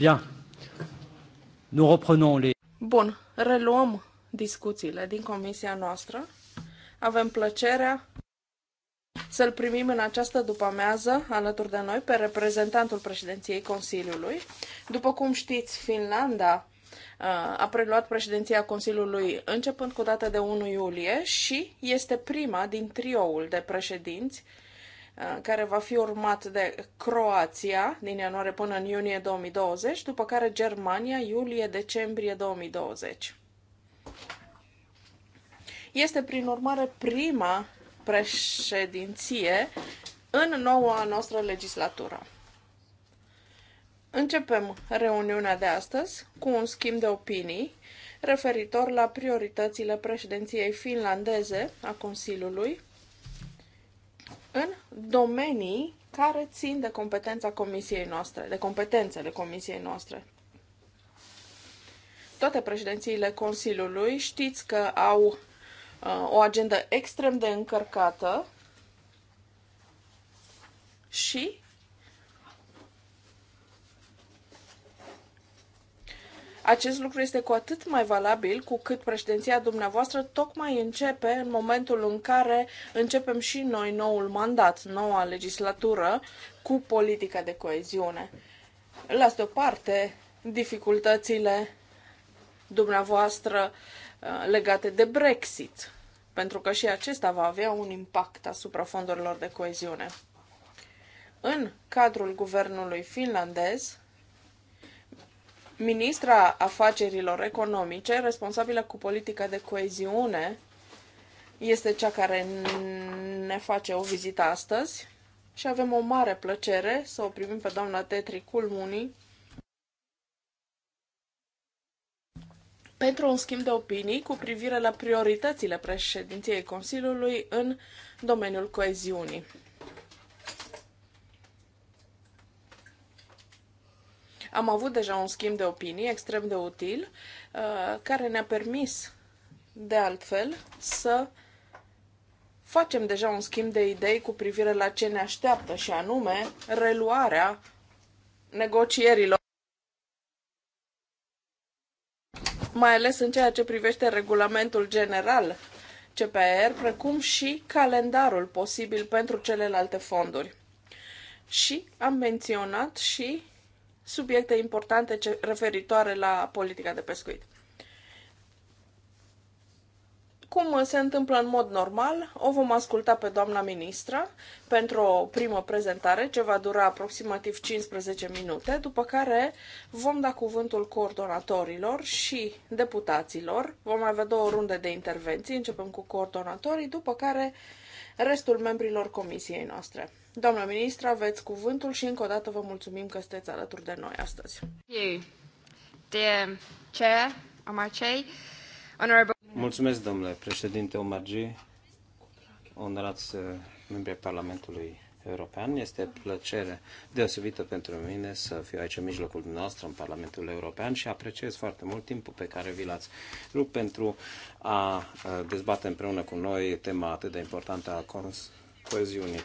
Bien. Nous reprenons les... Bun, reluăm discuțiile din comisia noastră. Avem plăcerea să-l primim în această după-amiază alături de noi pe reprezentantul președinției Consiliului. După cum știți, Finlanda uh, a preluat președinția Consiliului începând cu data de 1 iulie și este prima din trioul de președinți uh, Uh, care va fi urmat de Croația din ianuarie până în iunie 2020, după care Germania iulie-decembrie 2020. Este, prin urmare, prima președinție în noua noastră legislatură. Începem reuniunea de astăzi cu un schimb de opinii referitor la prioritățile președinției finlandeze a Consiliului în domenii care țin de competența comisiei noastre, de competențele comisiei noastre. Toate președințiile Consiliului știți că au uh, o agendă extrem de încărcată și Acest lucru este cu atât mai valabil cu cât președinția dumneavoastră tocmai începe în momentul în care începem și noi noul mandat, noua legislatură cu politica de coeziune. Las deoparte dificultățile dumneavoastră uh, legate de Brexit, pentru că și acesta va avea un impact asupra fondurilor de coeziune. În cadrul guvernului finlandez, ministra afacerilor economice, responsabilă cu politica de coeziune, este cea care ne face o vizită astăzi și avem o mare plăcere să o primim pe doamna Tetri Culmuni pentru un schimb de opinii cu privire la prioritățile președinției Consiliului în domeniul coeziunii. Am avut deja un schimb de opinii extrem de util, uh, care ne-a permis, de altfel, să facem deja un schimb de idei cu privire la ce ne așteaptă, și anume reluarea negocierilor. mai ales în ceea ce privește regulamentul general CPR, precum și calendarul posibil pentru celelalte fonduri. Și am menționat și subiecte importante referitoare la politica de pescuit. Cum se întâmplă în mod normal, o vom asculta pe doamna ministra pentru o primă prezentare ce va dura aproximativ 15 minute, după care vom da cuvântul coordonatorilor și deputaților. Vom avea două runde de intervenții, începem cu coordonatorii, după care restul membrilor comisiei noastre. Doamna Ministră, aveți cuvântul și încă o dată vă mulțumim că sunteți alături de noi astăzi. Mulțumesc, domnule președinte Omarji, onorați uh, membrii Parlamentului European. Este plăcere deosebită pentru mine să fiu aici în mijlocul dumneavoastră în Parlamentul European și apreciez foarte mult timpul pe care vi l-ați rupt pentru a uh, dezbate împreună cu noi tema atât de importantă a coeziunii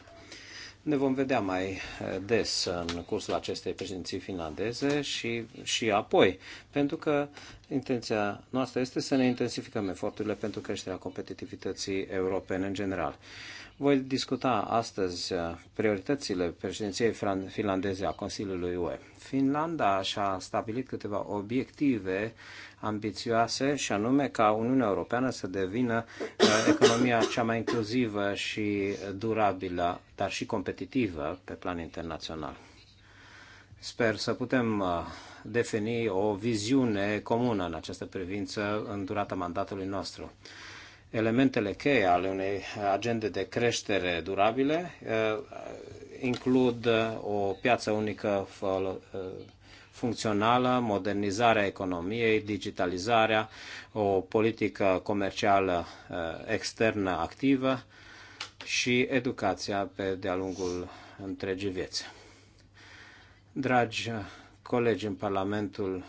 ne vom vedea mai eh, des în cursul acestei președinții finlandeze și, și apoi, pentru că intenția noastră este să ne intensificăm eforturile pentru creșterea competitivității europene în general. Voi discuta astăzi uh, prioritățile președinției finlandeze a Consiliului UE. Finlanda și-a stabilit câteva obiective ambițioase și anume ca Uniunea Europeană să devină uh, economia cea mai inclusivă și durabilă, dar și competitivă pe plan internațional. Sper să putem uh, defini o viziune comună în această privință în durata mandatului nostru. Elementele cheie ale unei agende de creștere durabile eh, includ eh, o piață unică eh, funcțională, modernizarea economiei, digitalizarea, o politică comercială externă activă și educația pe de-a lungul întregii vieți. Dragi colegi în Parlamentul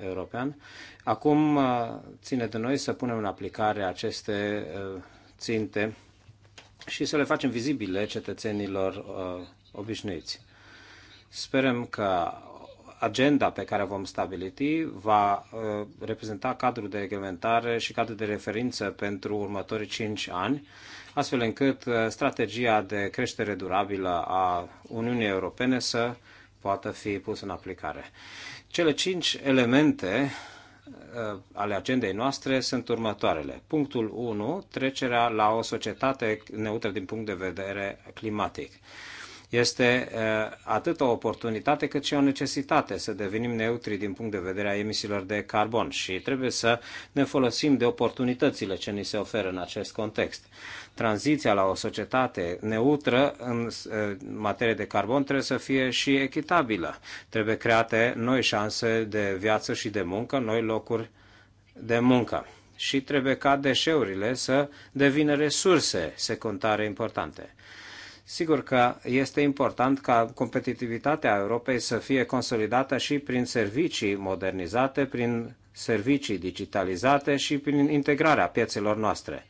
European, Acum uh, ține de noi să punem în aplicare aceste uh, ținte și să le facem vizibile cetățenilor uh, obișnuiți. Sperăm că agenda pe care vom stabiliti va reprezenta cadrul de reglementare și cadrul de referință pentru următorii 5 ani, astfel încât strategia de creștere durabilă a Uniunii Europene să poată fi pusă în aplicare. Cele cinci elemente Uh, ale agendei noastre sunt următoarele. Punctul 1, trecerea la o societate neutră din punct de vedere climatic. Este atât o oportunitate cât și o necesitate să devenim neutri din punct de vedere a emisiilor de carbon și trebuie să ne folosim de oportunitățile ce ni se oferă în acest context. Tranziția la o societate neutră în materie de carbon trebuie să fie și echitabilă. Trebuie create noi șanse de viață și de muncă, noi locuri de muncă și trebuie ca deșeurile să devină resurse secundare importante. Sigur că este important ca competitivitatea Europei să fie consolidată și prin servicii modernizate, prin servicii digitalizate și prin integrarea piețelor noastre.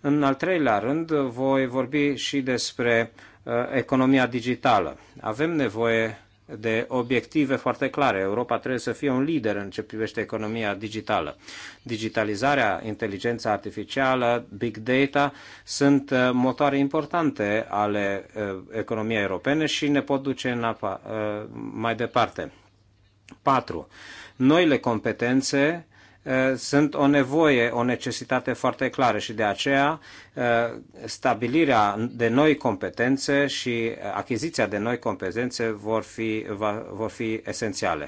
În al treilea rând, voi vorbi și despre uh, economia digitală. Avem nevoie de obiective foarte clare. Europa trebuie să fie un lider în ce privește economia digitală. Digitalizarea, inteligența artificială, big data sunt uh, motoare importante ale uh, economiei europene și ne pot duce în apa, uh, mai departe. 4. Noile competențe Eh, sunt o nevoie, o necesitate foarte clară și de aceea eh, stabilirea de noi competențe și achiziția de noi competențe vor fi, vor fi esențiale.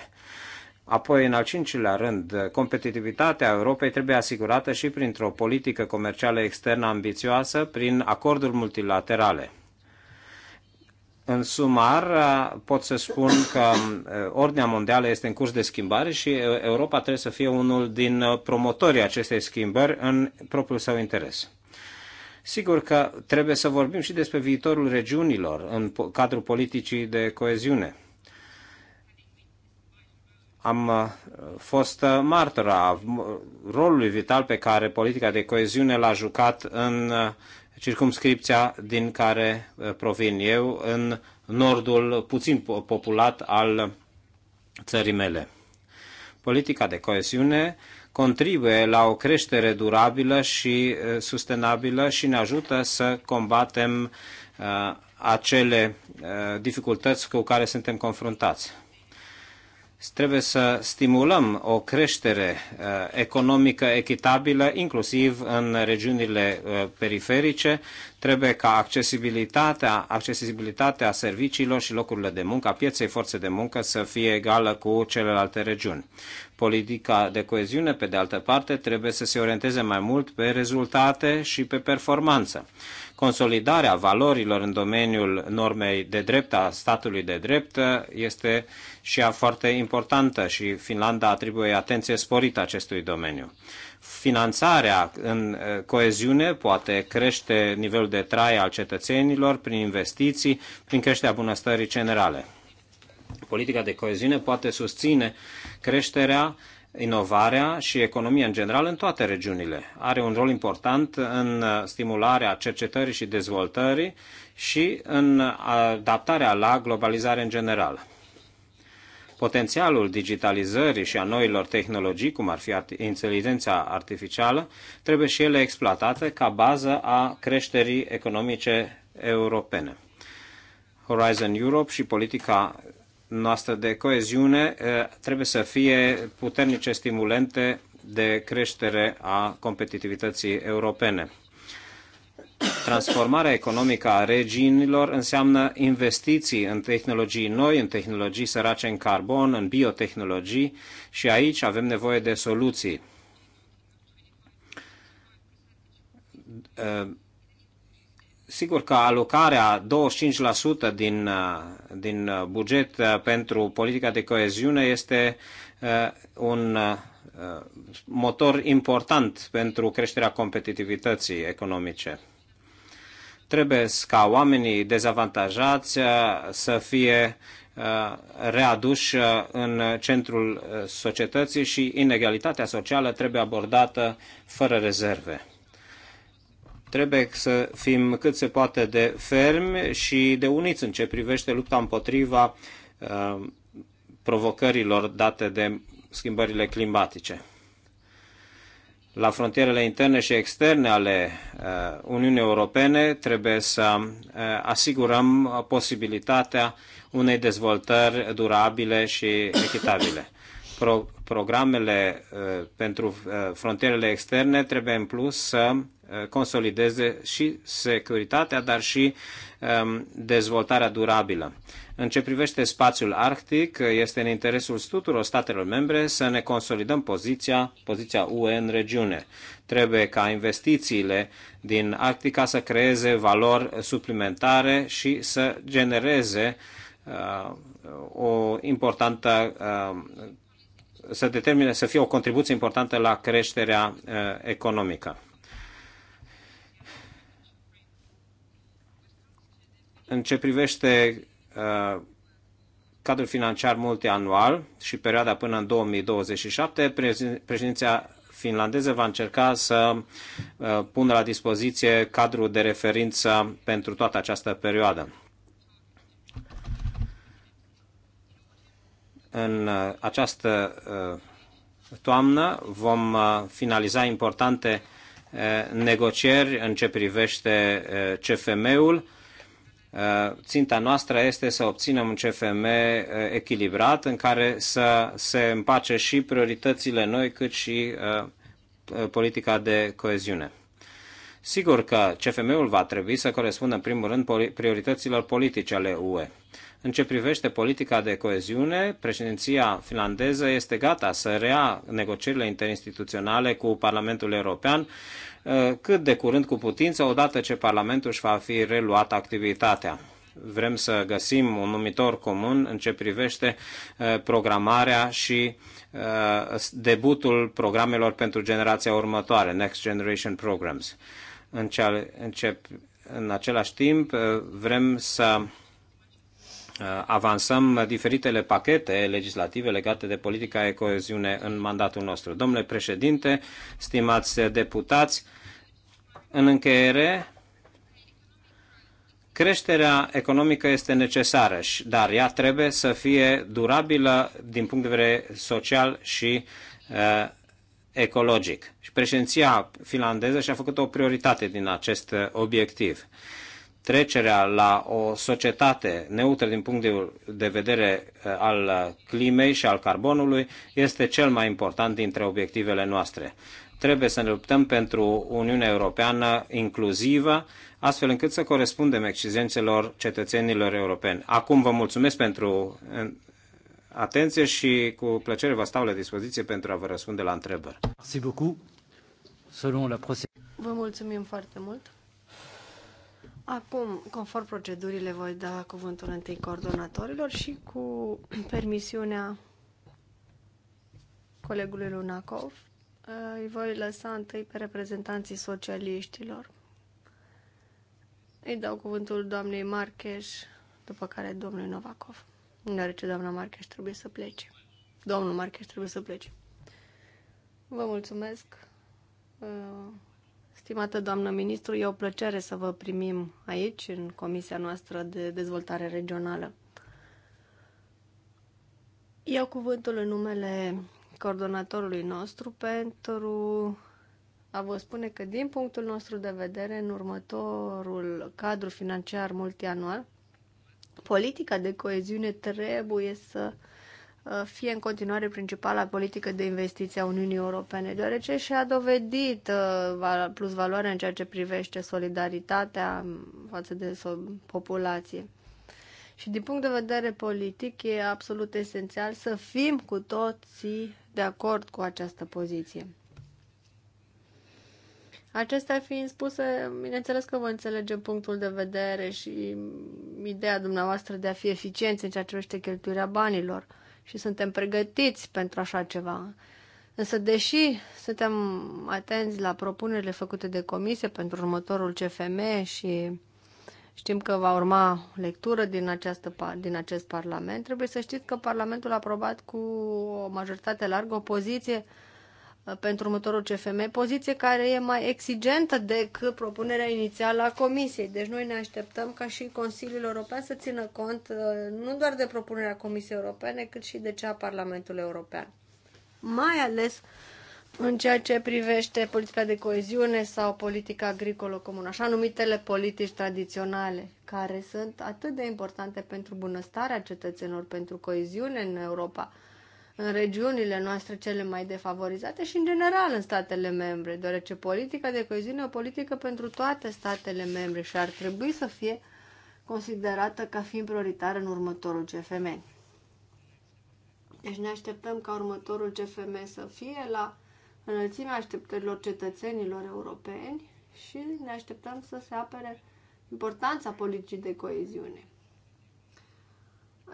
Apoi, în al cincilea rând, competitivitatea Europei trebuie asigurată și printr-o politică comercială externă ambițioasă, prin acorduri multilaterale. În sumar, pot să spun că ordinea mondială este în curs de schimbare și Europa trebuie să fie unul din promotorii acestei schimbări în propriul său interes. Sigur că trebuie să vorbim și despre viitorul regiunilor în cadrul politicii de coeziune. Am fost martora rolului vital pe care politica de coeziune l-a jucat în circumscripția din care uh, provin eu, în nordul puțin populat al țării mele. Politica de coeziune contribuie la o creștere durabilă și uh, sustenabilă și ne ajută să combatem uh, acele dificultăți cu care suntem confruntați. Trebuie să stimulăm o creștere uh, economică echitabilă, inclusiv în regiunile uh, periferice. Trebuie ca accesibilitatea, accesibilitatea serviciilor și locurilor de muncă, a pieței forței de muncă, să fie egală cu celelalte regiuni. Politica de coeziune, pe de altă parte, trebuie să se orienteze mai mult pe rezultate și pe performanță consolidarea valorilor în domeniul normei de drept, a statului de drept, este și ea foarte importantă și Finlanda atribuie atenție sporită acestui domeniu. Finanțarea în eh, coeziune poate crește nivelul de trai al cetățenilor prin investiții, prin creșterea bunăstării generale. Politica de coeziune poate susține creșterea inovarea și economia în general în toate regiunile. Are un rol important în uh, stimularea cercetării și dezvoltării și în adaptarea la globalizare în general. Potențialul digitalizării și a noilor tehnologii, cum ar fi inteligența artificială, trebuie și ele exploatate ca bază a creșterii economice europene. Horizon Europe și politica noastră de coeziune eh, trebuie să fie puternice stimulente de creștere a competitivității europene. Transformarea economică a regiunilor înseamnă investiții în tehnologii noi, în tehnologii sărace în carbon, în biotehnologii și aici avem nevoie de soluții eh, Sigur că alocarea 25% din, uh, din uh, buget uh, pentru politica de coeziune este un motor important pentru creșterea competitivității economice. Trebuie ca oamenii dezavantajați să fie readuși în centrul societății și inegalitatea socială trebuie abordată fără rezerve. Trebuie să fim cât se poate de fermi și de uniți în ce privește lupta împotriva uh, provocărilor date de schimbările climatice. La frontierele interne și externe ale uh, Uniunii Europene trebuie să uh, asigurăm posibilitatea unei dezvoltări durabile și echitabile pro, programele uh, pentru uh, frontierele externe trebuie în plus să uh, consolideze și securitatea, dar și um, dezvoltarea durabilă. În ce privește spațiul arctic, este în interesul tuturor statelor membre să ne consolidăm poziția, poziția UE în regiune. Trebuie ca investițiile din Arctica să creeze valori suplimentare și să genereze o importantă să determine să fie o contribuție importantă la creșterea uh, economică. În ce privește uh, cadrul financiar multianual și perioada până în 2027, președinția finlandeză va încerca să uh, pună la dispoziție cadrul de referință pentru toată această perioadă. În uh, această uh, toamnă vom uh, finaliza importante negocieri în ce privește CFM-ul. Ținta noastră este să obținem un CFM echilibrat în care să se împace și prioritățile noi cât și politica de coeziune. Sigur că CFM-ul va trebui să corespundă în primul rând priorităților politice ale UE. În ce privește politica de coeziune, președinția finlandeză este gata să rea negocierile interinstituționale cu Parlamentul European uh, cât de curând cu putință, odată ce Parlamentul își va fi reluat activitatea. Vrem să găsim un numitor comun în ce privește uh, programarea și uh, debutul programelor pentru generația următoare, Next Generation Programs. În, ce, în, ce, în același timp, vrem să Uh, avansăm diferitele pachete legislative legate de politica de coeziune în mandatul nostru. Domnule președinte, stimați deputați, în încheiere, creșterea economică este necesară, dar ea trebuie să fie durabilă din punct de vedere social și uh, ecologic. Și președinția finlandeză și-a făcut o prioritate din acest obiectiv. Uh, trecerea la o societate neutră din punct de vedere eh, al climei și al carbonului este cel mai important dintre obiectivele noastre. Trebuie să ne luptăm pentru Uniunea Europeană inclusivă, astfel încât să corespundem exigențelor cetățenilor europeni. Acum vă mulțumesc pentru eh, atenție și cu plăcere vă stau la dispoziție pentru a vă răspunde la întrebări. Vă mulțumim foarte mult. Acum, conform procedurile, voi da cuvântul întâi coordonatorilor și cu permisiunea colegului Lunacov, uh, îi voi lăsa întâi pe reprezentanții socialiștilor. Îi dau cuvântul doamnei Marcheș, după care domnului Novakov, deoarece doamna Marcheș trebuie să plece. Domnul Marcheș trebuie să plece. Vă mulțumesc. Uh, Stimată doamnă ministru, e o plăcere să vă primim aici, în Comisia noastră de Dezvoltare Regională. Iau cuvântul în numele coordonatorului nostru pentru a vă spune că, din punctul nostru de vedere, în următorul cadru financiar multianual, politica de coeziune trebuie să uh, Uh, fie în continuare principala politică de investiție a Uniunii Europene, deoarece și-a dovedit uh, plus valoarea în ceea ce privește solidaritatea față de populație. Și din punct de vedere politic e absolut esențial să fim cu toții de acord cu această poziție. Acestea fiind spuse, bineînțeles că vă înțelegem punctul de vedere și ideea dumneavoastră de a fi eficienți în ceea ce privește cheltuirea banilor și suntem pregătiți pentru așa ceva. Însă, deși suntem atenți la propunerile făcute de comisie pentru următorul CFM și știm că va urma lectură din, această, din acest Parlament, trebuie să știți că Parlamentul a aprobat cu o majoritate largă o poziție uh, pentru următorul CFM, poziție care e mai exigentă decât propunerea inițială a Comisiei. Deci noi ne așteptăm ca și Consiliul European să țină cont uh, nu doar de propunerea Comisiei Europene, cât și de cea a Parlamentului European. Mai ales în ceea ce privește politica de coeziune sau politica agricolă comună, așa numitele politici tradiționale, care sunt atât de importante pentru bunăstarea cetățenilor, pentru coeziune în Europa, în regiunile noastre cele mai defavorizate și în general în statele membre, deoarece politica de coeziune e o politică pentru toate statele membre și ar trebui să fie considerată ca fiind prioritară în următorul CFM. Deci ne așteptăm ca următorul CFM să fie la înălțimea așteptărilor cetățenilor europeni și ne așteptăm să se apere importanța politicii de coeziune.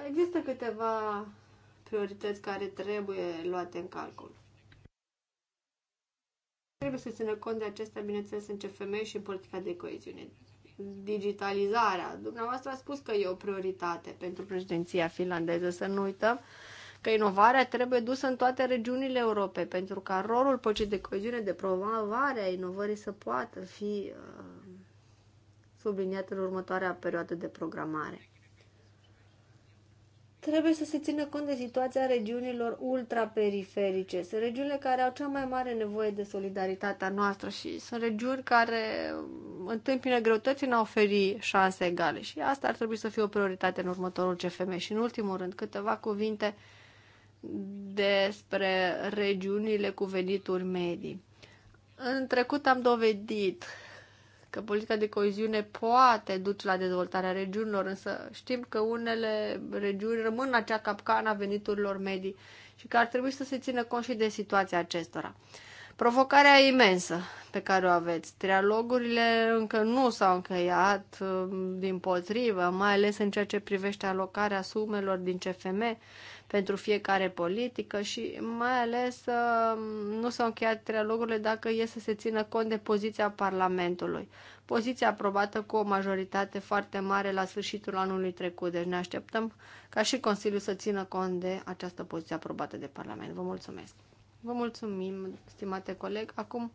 Există câteva priorități care trebuie luate în calcul. Trebuie să țină cont de acestea, bineînțeles, în CFM și în politica de coeziune. Digitalizarea. Dumneavoastră a spus că e o prioritate pentru președinția finlandeză. Să nu uităm că inovarea trebuie dusă în toate regiunile Europei, pentru ca rolul politicii de coeziune de promovare a inovării să poată fi uh, subliniat în următoarea perioadă de programare trebuie să se țină cont de situația regiunilor ultraperiferice. Sunt regiunile care au cea mai mare nevoie de solidaritatea noastră și sunt regiuni care întâmpină greutăți în a oferi șanse egale și asta ar trebui să fie o prioritate în următorul CFM. Și în ultimul rând, câteva cuvinte despre regiunile cu venituri medii. În trecut am dovedit că politica de coeziune poate duce la dezvoltarea regiunilor, însă știm că unele regiuni rămân în acea capcană a veniturilor medii și că ar trebui să se țină cont și de situația acestora. Provocarea imensă pe care o aveți. Trialogurile încă nu s-au încheiat, uh, din potrivă, mai ales în ceea ce privește alocarea sumelor din CFM pentru fiecare politică și mai ales uh, nu s-au încheiat trialogurile dacă e să se țină cont de poziția Parlamentului. Poziția aprobată cu o majoritate foarte mare la sfârșitul anului trecut, deci ne așteptăm ca și Consiliul să țină cont de această poziție aprobată de Parlament. Vă mulțumesc! Vă mulțumim, stimate coleg. Acum,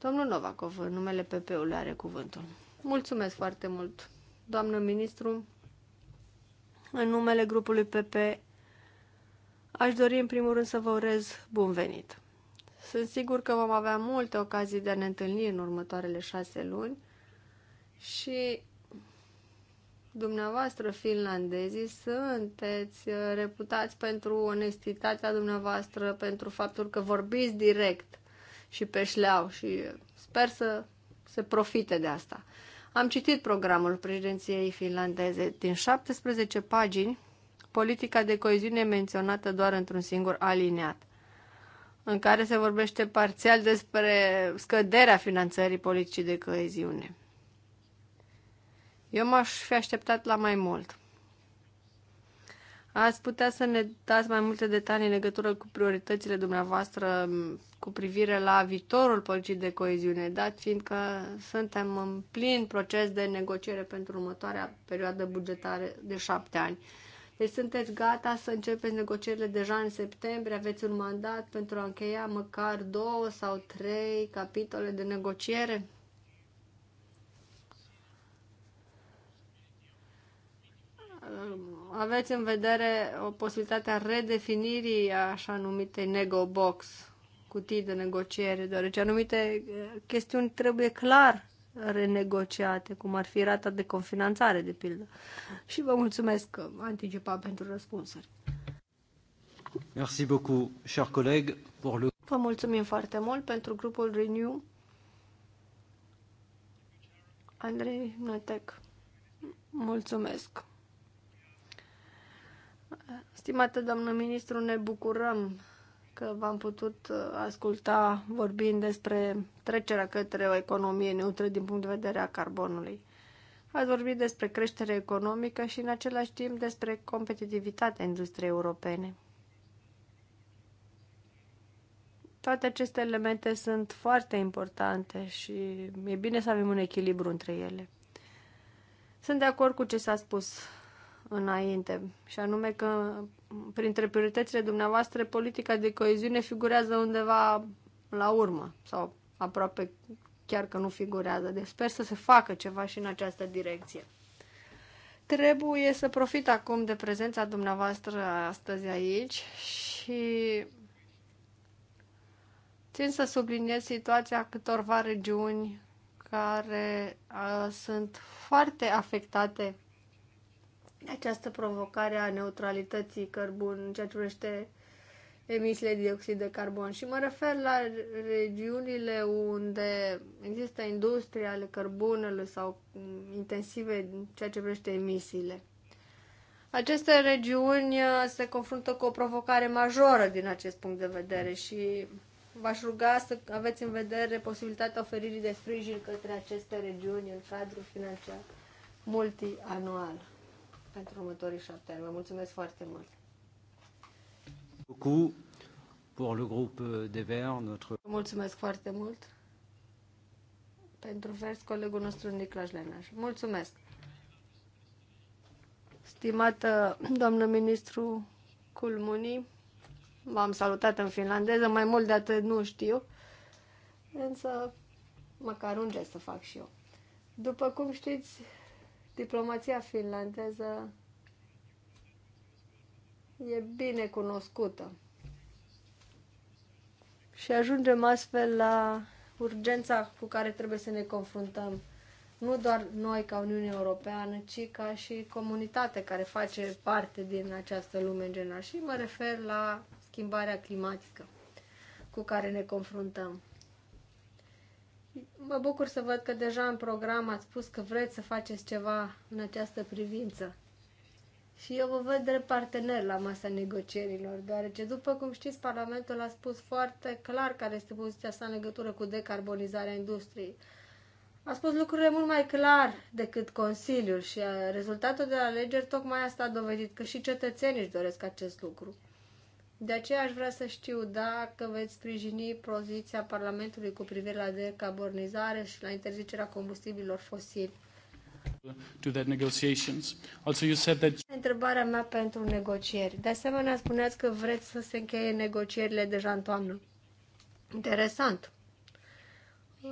domnul Novakov, în numele PP-ului, are cuvântul. Mulțumesc foarte mult, doamnă ministru. În numele grupului PP, aș dori în primul rând să vă urez bun venit. Sunt sigur că vom avea multe ocazii de a ne întâlni în următoarele șase luni și dumneavoastră finlandezii sunteți uh, reputați pentru onestitatea dumneavoastră, pentru faptul că vorbiți direct și pe șleau și sper să se profite de asta. Am citit programul președinției finlandeze din 17 pagini, politica de coeziune menționată doar într-un singur aliniat în care se vorbește parțial despre scăderea finanțării politicii de coeziune. Eu m-aș fi așteptat la mai mult. Ați putea să ne dați mai multe detalii în legătură cu prioritățile dumneavoastră cu privire la viitorul politicii de coeziune, dat fiindcă suntem în plin proces de negociere pentru următoarea perioadă bugetară de șapte ani. Deci sunteți gata să începeți negocierile deja în septembrie, aveți un mandat pentru a încheia măcar două sau trei capitole de negociere? Ehm, aveți în vedere o posibilitate a redefinirii așa numitei nego box, cutii de negociere, deoarece anumite eh, chestiuni trebuie clar renegociate, cum ar fi rata de confinanțare, de pildă. Și vă mulțumesc anticipat pentru răspunsuri. Merci beaucoup, cher collègue, pour le... Vă mulțumim foarte mult pentru grupul Renew. Andrei Notec, mulțumesc. Stimată doamnă ministru, ne bucurăm că v-am putut uh, asculta vorbind despre trecerea către o economie neutră din punct de vedere a carbonului. Ați vorbit despre creștere economică și în același timp despre competitivitatea industriei europene. Toate aceste elemente sunt foarte importante și e bine să avem un echilibru între ele. Sunt de acord cu ce s-a spus înainte, și anume că printre prioritățile dumneavoastră politica de coeziune figurează undeva la urmă sau aproape chiar că nu figurează. Deci sper să se facă ceva și în această direcție. Trebuie să profit acum de prezența dumneavoastră astăzi aici și țin să subliniez situația câtorva regiuni care uh, sunt foarte afectate această provocare a neutralității cărbun în ceea ce privește emisiile de dioxid de carbon. Și mă refer la regiunile unde există industria ale cărbunelui sau mm, intensive în ceea ce privește emisiile. Aceste regiuni uh, se confruntă cu o provocare majoră din acest punct de vedere și v-aș ruga să aveți în vedere posibilitatea oferirii de sprijin către aceste regiuni în cadrul financiar multianual pentru următorii șapte ani. Vă mulțumesc foarte mult! Pour le groupe des Verts, notre... Mulțumesc foarte mult pentru vers colegul nostru Niclaș Lenaș. Mulțumesc! Stimată doamnă ministru Culmuni, v-am salutat în finlandeză, mai mult de atât nu știu, însă măcar un gest să fac și eu. După cum știți, Diplomația finlandeză e bine cunoscută. Și ajungem astfel la urgența cu care trebuie să ne confruntăm. Nu doar noi ca Uniune Europeană, ci ca și comunitate care face parte din această lume în general. Și mă refer la schimbarea climatică cu care ne confruntăm. Mă bucur să văd că deja în program ați spus că vreți să faceți ceva în această privință. Și eu vă văd drept partener la masa negocierilor, deoarece, după cum știți, Parlamentul a spus foarte clar care este poziția sa în legătură cu decarbonizarea industriei. A spus lucrurile mult mai clar decât Consiliul și uh, rezultatul de alegeri tocmai asta a dovedit că și cetățenii își doresc acest lucru. De aceea aș vrea să știu dacă veți sprijini poziția Parlamentului cu privire la decarbonizare și la interzicerea combustibilor fosili. To that negotiations. Also you said that... Întrebarea mea pentru negocieri. De asemenea, spuneați că vreți să se încheie negocierile deja în toamnă. Interesant.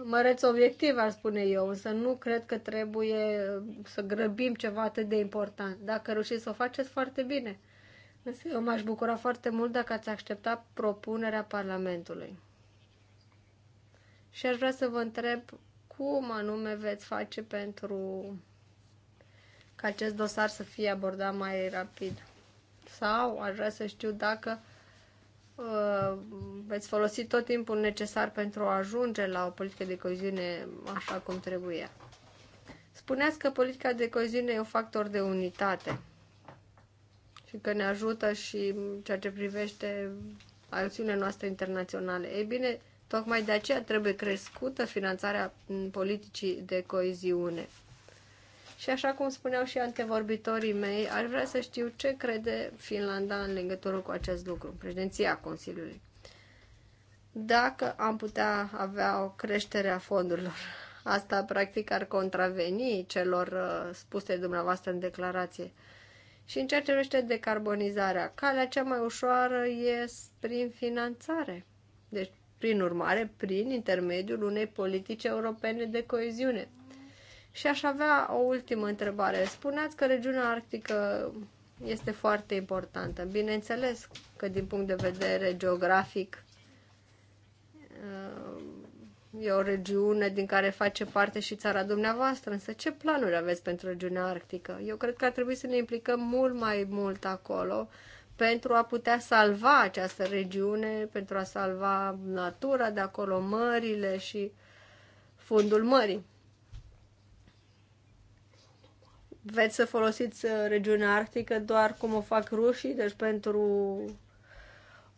Măreți obiectiv, ar spune eu, însă nu cred că trebuie să grăbim ceva atât de important. Dacă reușiți să o faceți, foarte bine eu m-aș bucura foarte mult dacă ați accepta propunerea Parlamentului. Și aș vrea să vă întreb cum anume veți face pentru ca acest dosar să fie abordat mai rapid. Sau aș vrea să știu dacă uh, veți folosi tot timpul necesar pentru a ajunge la o politică de coziune așa cum trebuie. Spuneați că politica de coziune e un factor de unitate și că ne ajută și ceea ce privește acțiunile noastre internaționale. Ei bine, tocmai de aceea trebuie crescută finanțarea politicii de coeziune. Și așa cum spuneau și antevorbitorii mei, aș vrea să știu ce crede Finlanda în legătură cu acest lucru, președinția Consiliului. Dacă am putea avea o creștere a fondurilor, asta practic ar contraveni celor uh, spuse dumneavoastră în declarație. Și în ceea ce decarbonizarea, calea cea mai ușoară e prin finanțare. Deci, prin urmare, prin intermediul unei politici europene de coeziune. Și aș avea o ultimă întrebare. Spuneați că regiunea arctică este foarte importantă. Bineînțeles că din punct de vedere geografic E o regiune din care face parte și țara dumneavoastră, însă ce planuri aveți pentru regiunea arctică? Eu cred că ar trebui să ne implicăm mult mai mult acolo pentru a putea salva această regiune, pentru a salva natura de acolo, mările și fundul mării. Veți să folosiți uh, regiunea arctică doar cum o fac rușii, deci pentru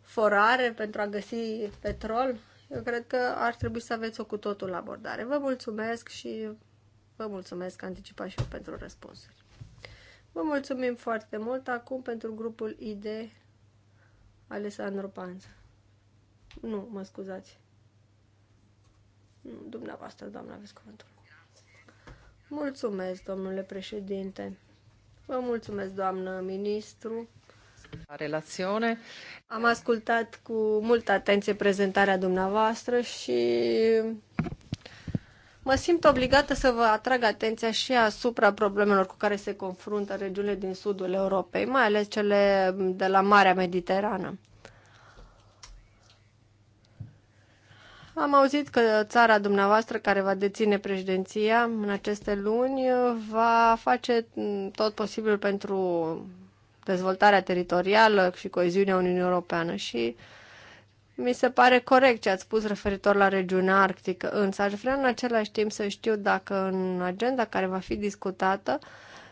forare, pentru a găsi petrol? Eu cred că ar trebui să aveți o cu totul abordare. Vă mulțumesc și vă mulțumesc anticipat și eu pentru răspunsuri. Vă mulțumim foarte mult acum pentru grupul ID Alessandro Panza. Nu, mă scuzați. Dumneavoastră, doamna, aveți cuvântul. Mulțumesc, domnule președinte. Vă mulțumesc, doamnă ministru. Relațiune. Am ascultat cu multă atenție prezentarea dumneavoastră și mă simt obligată să vă atrag atenția și asupra problemelor cu care se confruntă regiunile din sudul Europei, mai ales cele de la Marea Mediterană. Am auzit că țara dumneavoastră care va deține președinția în aceste luni va face tot posibil pentru dezvoltarea teritorială și coeziunea Uniunii Europeană și mi se pare corect ce ați spus referitor la regiunea arctică, însă aș vrea în același timp să știu dacă în agenda care va fi discutată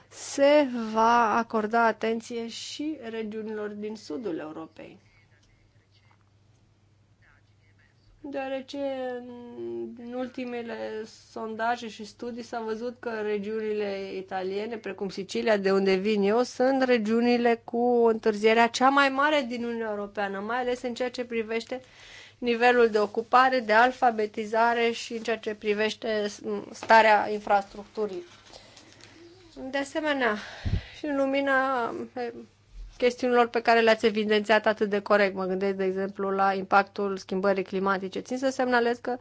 se va acorda atenție și regiunilor din sudul Europei. deoarece în ultimele sondaje și studii s-a văzut că regiunile italiene, precum Sicilia, de unde vin eu, sunt regiunile cu întârzierea cea mai mare din Uniunea Europeană, mai ales în ceea ce privește nivelul de ocupare, de alfabetizare și în ceea ce privește starea infrastructurii. De asemenea, și în lumina chestiunilor pe care le-ați evidențiat atât de corect. Mă gândesc, de exemplu, la impactul schimbării climatice. Țin să semnalez că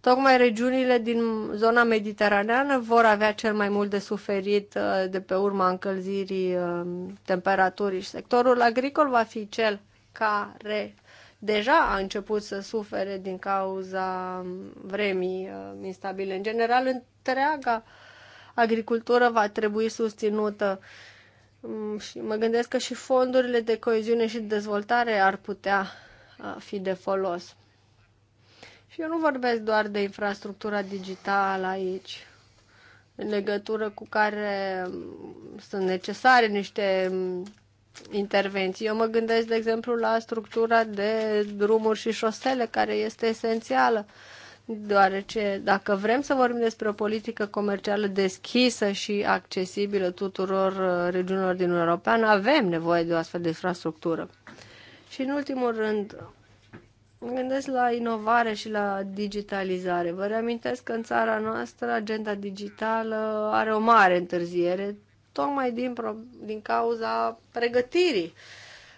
tocmai regiunile din zona mediteraneană vor avea cel mai mult de suferit uh, de pe urma încălzirii uh, temperaturii și sectorul agricol va fi cel care deja a început să sufere din cauza vremii uh, instabile. În general, întreaga agricultură va trebui susținută Mm, și mă gândesc că și fondurile de coeziune și dezvoltare ar putea fi de folos. Și eu nu vorbesc doar de infrastructura digitală aici, în legătură cu care mm, sunt necesare niște mm, intervenții. Eu mă gândesc, de exemplu, la structura de drumuri și șosele, care este esențială. Uh, deoarece dacă vrem să vorbim despre o politică comercială deschisă și accesibilă tuturor uh, regiunilor din Europeană, avem nevoie de o astfel de infrastructură. Și în ultimul rând, mă gândesc la inovare și la digitalizare. Vă reamintesc că în țara noastră agenda digitală are o mare întârziere, tocmai din, din cauza pregătirii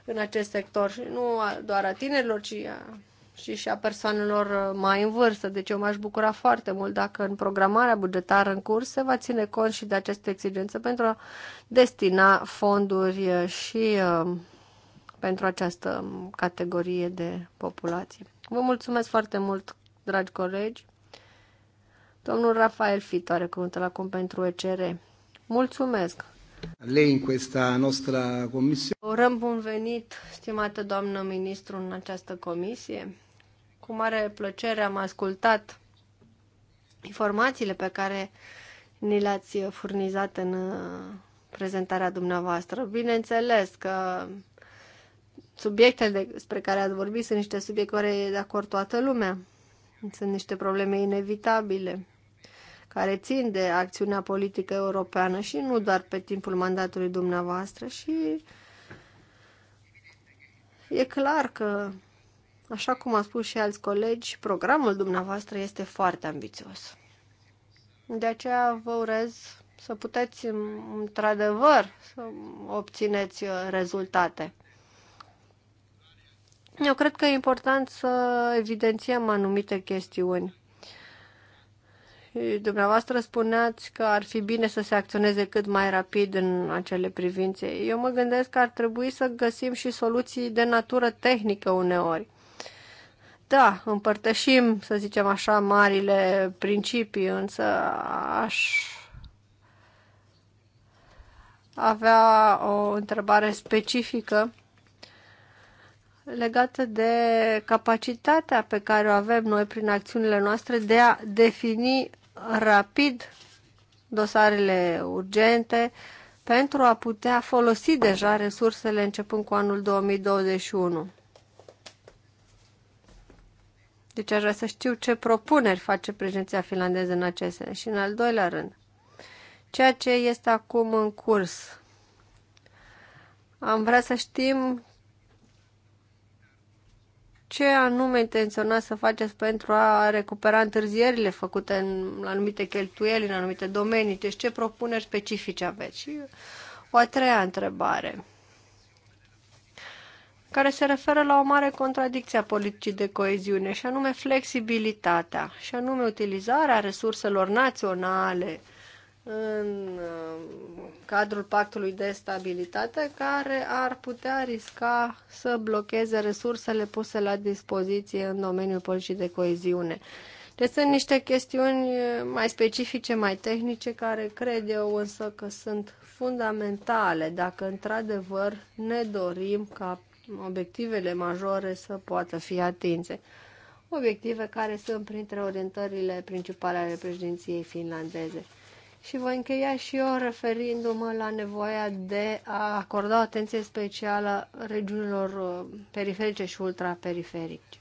în acest sector și nu doar a tinerilor, ci a și și a persoanelor uh, mai în vârstă. Deci eu m-aș bucura foarte mult dacă în programarea bugetară în curs se va ține cont și de aceste exigențe pentru a destina fonduri uh, și uh, pentru această categorie de populație. Vă mulțumesc foarte mult, dragi colegi. Domnul Rafael Fito are cuvântul acum pentru ECR. Mulțumesc! Lei în questa nostra comisie. Urăm bun venit, stimată doamnă ministru, în această comisie. Cu mare plăcere am ascultat informațiile pe care ni le-ați furnizat în uh, prezentarea dumneavoastră. Bineînțeles că subiectele despre care ați vorbit sunt niște subiecte care e de acord toată lumea. Sunt niște probleme inevitabile care țin de acțiunea politică europeană și nu doar pe timpul mandatului dumneavoastră și e clar că Așa cum a spus și alți colegi, programul dumneavoastră este foarte ambițios. De aceea vă urez să puteți, într-adevăr, să obțineți uh, rezultate. Eu cred că e important să evidențiem anumite chestiuni. Dumneavoastră spuneați că ar fi bine să se acționeze cât mai rapid în acele privințe. Eu mă gândesc că ar trebui să găsim și soluții de natură tehnică uneori. Da, împărtășim, să zicem așa, marile principii, însă aș avea o întrebare specifică legată de capacitatea pe care o avem noi prin acțiunile noastre de a defini rapid dosarele urgente pentru a putea folosi deja resursele începând cu anul 2021. Deci aș vrea să știu ce propuneri face președinția finlandeză în acest sens. Și în al doilea rând, ceea ce este acum în curs. Am vrea să știm ce anume intenționa să faceți pentru a recupera întârzierile făcute în anumite cheltuieli, în anumite domenii. Deci ce propuneri specifice aveți? Și o a treia întrebare – care se referă la o mare contradicție a politicii de coeziune, și anume flexibilitatea, și anume utilizarea resurselor naționale în uh, cadrul pactului de stabilitate, care ar putea risca să blocheze resursele puse la dispoziție în domeniul politicii de coeziune. Deci sunt niște chestiuni mai specifice, mai tehnice, care cred eu însă că sunt fundamentale dacă într-adevăr ne dorim ca obiectivele majore să poată fi atinse. Obiective care sunt printre orientările principale ale președinției finlandeze. Și voi încheia și eu referindu-mă la nevoia de a acorda atenție specială regiunilor uh, periferice și ultraperiferice.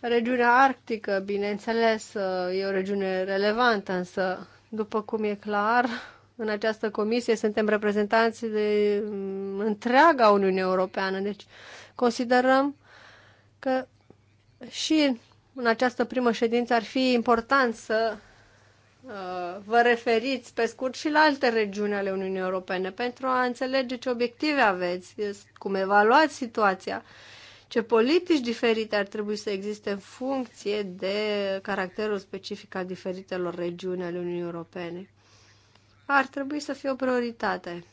Regiunea arctică, bineînțeles, uh, e o regiune relevantă, însă, după cum e clar, în această comisie suntem reprezentanți de mm, întreaga Uniune Europeană, deci considerăm că și în această primă ședință ar fi important să uh, vă referiți pe scurt și la alte regiuni ale Uniunii Europene pentru a înțelege ce obiective aveți, cum evaluați situația, ce politici diferite ar trebui să existe în funcție de caracterul specific al diferitelor regiuni ale Uniunii Europene ar trebui să fie o prioritate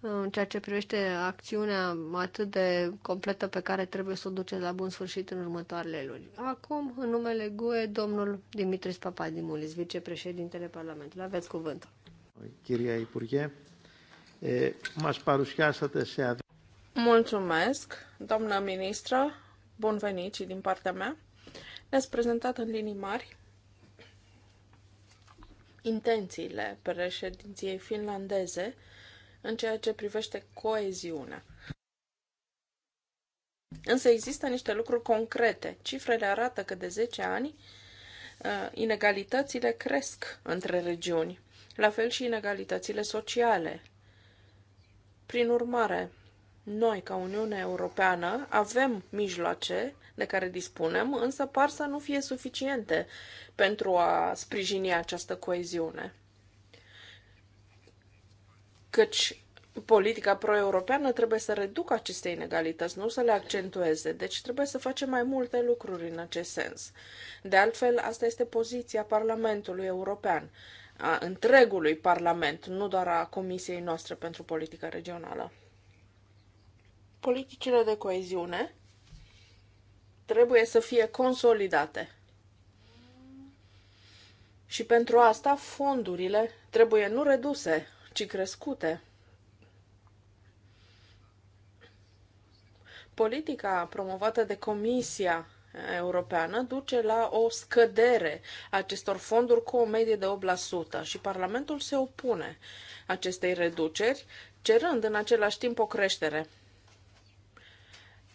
în ceea ce privește acțiunea atât de completă pe care trebuie să o duceți la bun sfârșit în următoarele luni. Acum, în numele GUE, domnul Dimitris Papadimulis, vicepreședintele Parlamentului. Aveți cuvântul. Chiria Ipurghe, m-aș te se Mulțumesc, doamnă ministră, bun venit și din partea mea. Ne-ați prezentat în linii mari intențiile președinției finlandeze în ceea ce privește coeziunea. Însă există niște lucruri concrete. Cifrele arată că de 10 ani uh, inegalitățile cresc între regiuni, la fel și inegalitățile sociale. Prin urmare, noi, ca Uniune Europeană, avem mijloace de care dispunem, însă par să nu fie suficiente pentru a sprijini această coeziune. Căci politica pro-europeană trebuie să reducă aceste inegalități, nu să le accentueze. Deci trebuie să facem mai multe lucruri în acest sens. De altfel, asta este poziția Parlamentului European, a întregului Parlament, nu doar a Comisiei noastre pentru politică regională. Politicile de coeziune trebuie să fie consolidate. Și pentru asta fondurile trebuie nu reduse, ci crescute. Politica promovată de Comisia Europeană duce la o scădere acestor fonduri cu o medie de 8% și Parlamentul se opune acestei reduceri, cerând în același timp o creștere.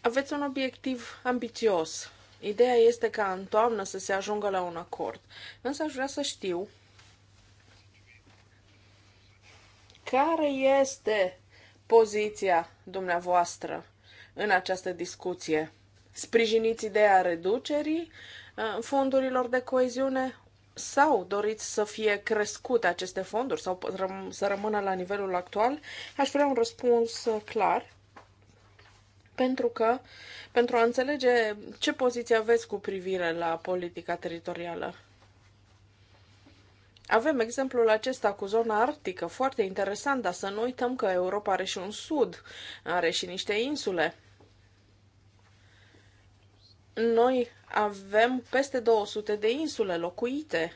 Aveți un obiectiv ambițios. Ideea este ca în toamnă să se ajungă la un acord. Însă aș vrea să știu care este poziția dumneavoastră în această discuție. Sprijiniți ideea reducerii uh, fondurilor de coeziune sau doriți să fie crescute aceste fonduri sau să rămână la nivelul actual? Aș vrea un răspuns uh, clar pentru că pentru a înțelege ce poziție aveți cu privire la politica teritorială. Avem exemplul acesta cu zona arctică, foarte interesant, dar să nu uităm că Europa are și un sud, are și niște insule. Noi avem peste 200 de insule locuite.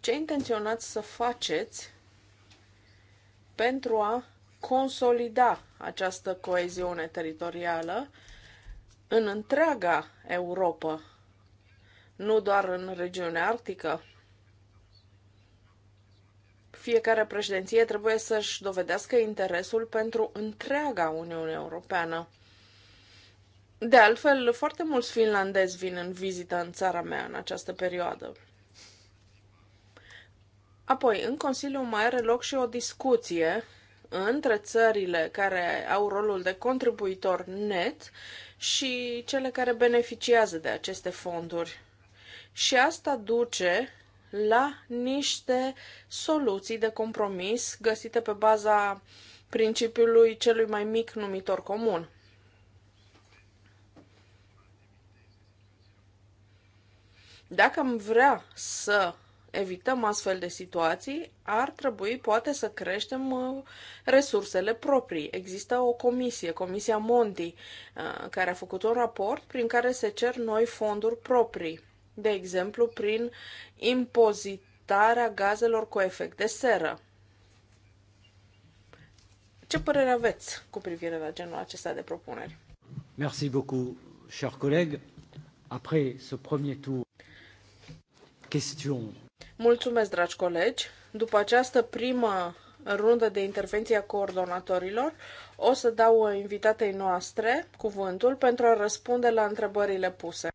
Ce intenționați să faceți pentru a consolida această coeziune teritorială în întreaga Europa, nu doar în regiunea arctică. Fiecare președinție trebuie să-și dovedească interesul pentru întreaga Uniune Europeană. De altfel, foarte mulți finlandezi vin în vizită în țara mea în această perioadă. Apoi, în Consiliu mai are loc și o discuție între țările care au rolul de contribuitor net și cele care beneficiază de aceste fonduri. Și asta duce la niște soluții de compromis găsite pe baza principiului celui mai mic numitor comun. Dacă am vrea să evităm astfel de situații, ar trebui poate să creștem uh, resursele proprii. Există o comisie, Comisia Monti, uh, care a făcut un raport prin care se cer noi fonduri proprii, de exemplu prin impozitarea gazelor cu efect de seră. Ce părere aveți cu privire la genul acesta de propuneri? Merci beaucoup, cher collègue. Après ce premier tour, question Mulțumesc, dragi colegi! După această primă rundă de intervenție a coordonatorilor, o să dau invitatei noastre cuvântul pentru a răspunde la întrebările puse.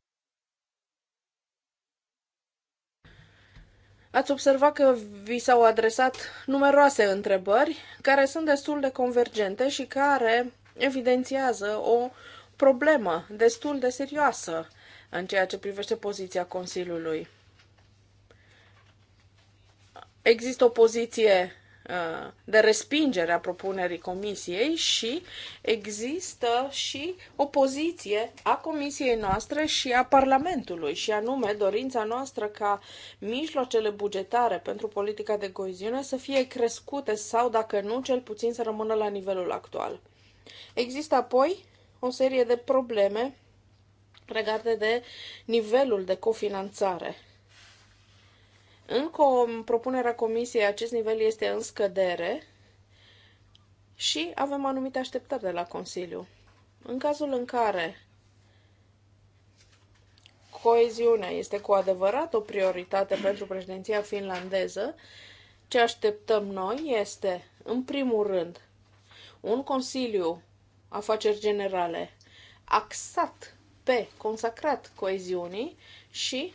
Ați observat că vi s-au adresat numeroase întrebări care sunt destul de convergente și care evidențiază o problemă destul de serioasă în ceea ce privește poziția Consiliului există o poziție uh, de respingere a propunerii comisiei și există și o poziție a comisiei noastre și a Parlamentului și anume dorința noastră ca mijloacele bugetare pentru politica de coeziune să fie crescute sau dacă nu, cel puțin să rămână la nivelul actual. Există apoi o serie de probleme legate de nivelul de cofinanțare în propunerea comisiei, acest nivel este în scădere și avem anumite așteptări de la Consiliu. În cazul în care coeziunea este cu adevărat o prioritate pentru președinția finlandeză, ce așteptăm noi este, în primul rând, un Consiliu Afaceri Generale axat pe consacrat coeziunii și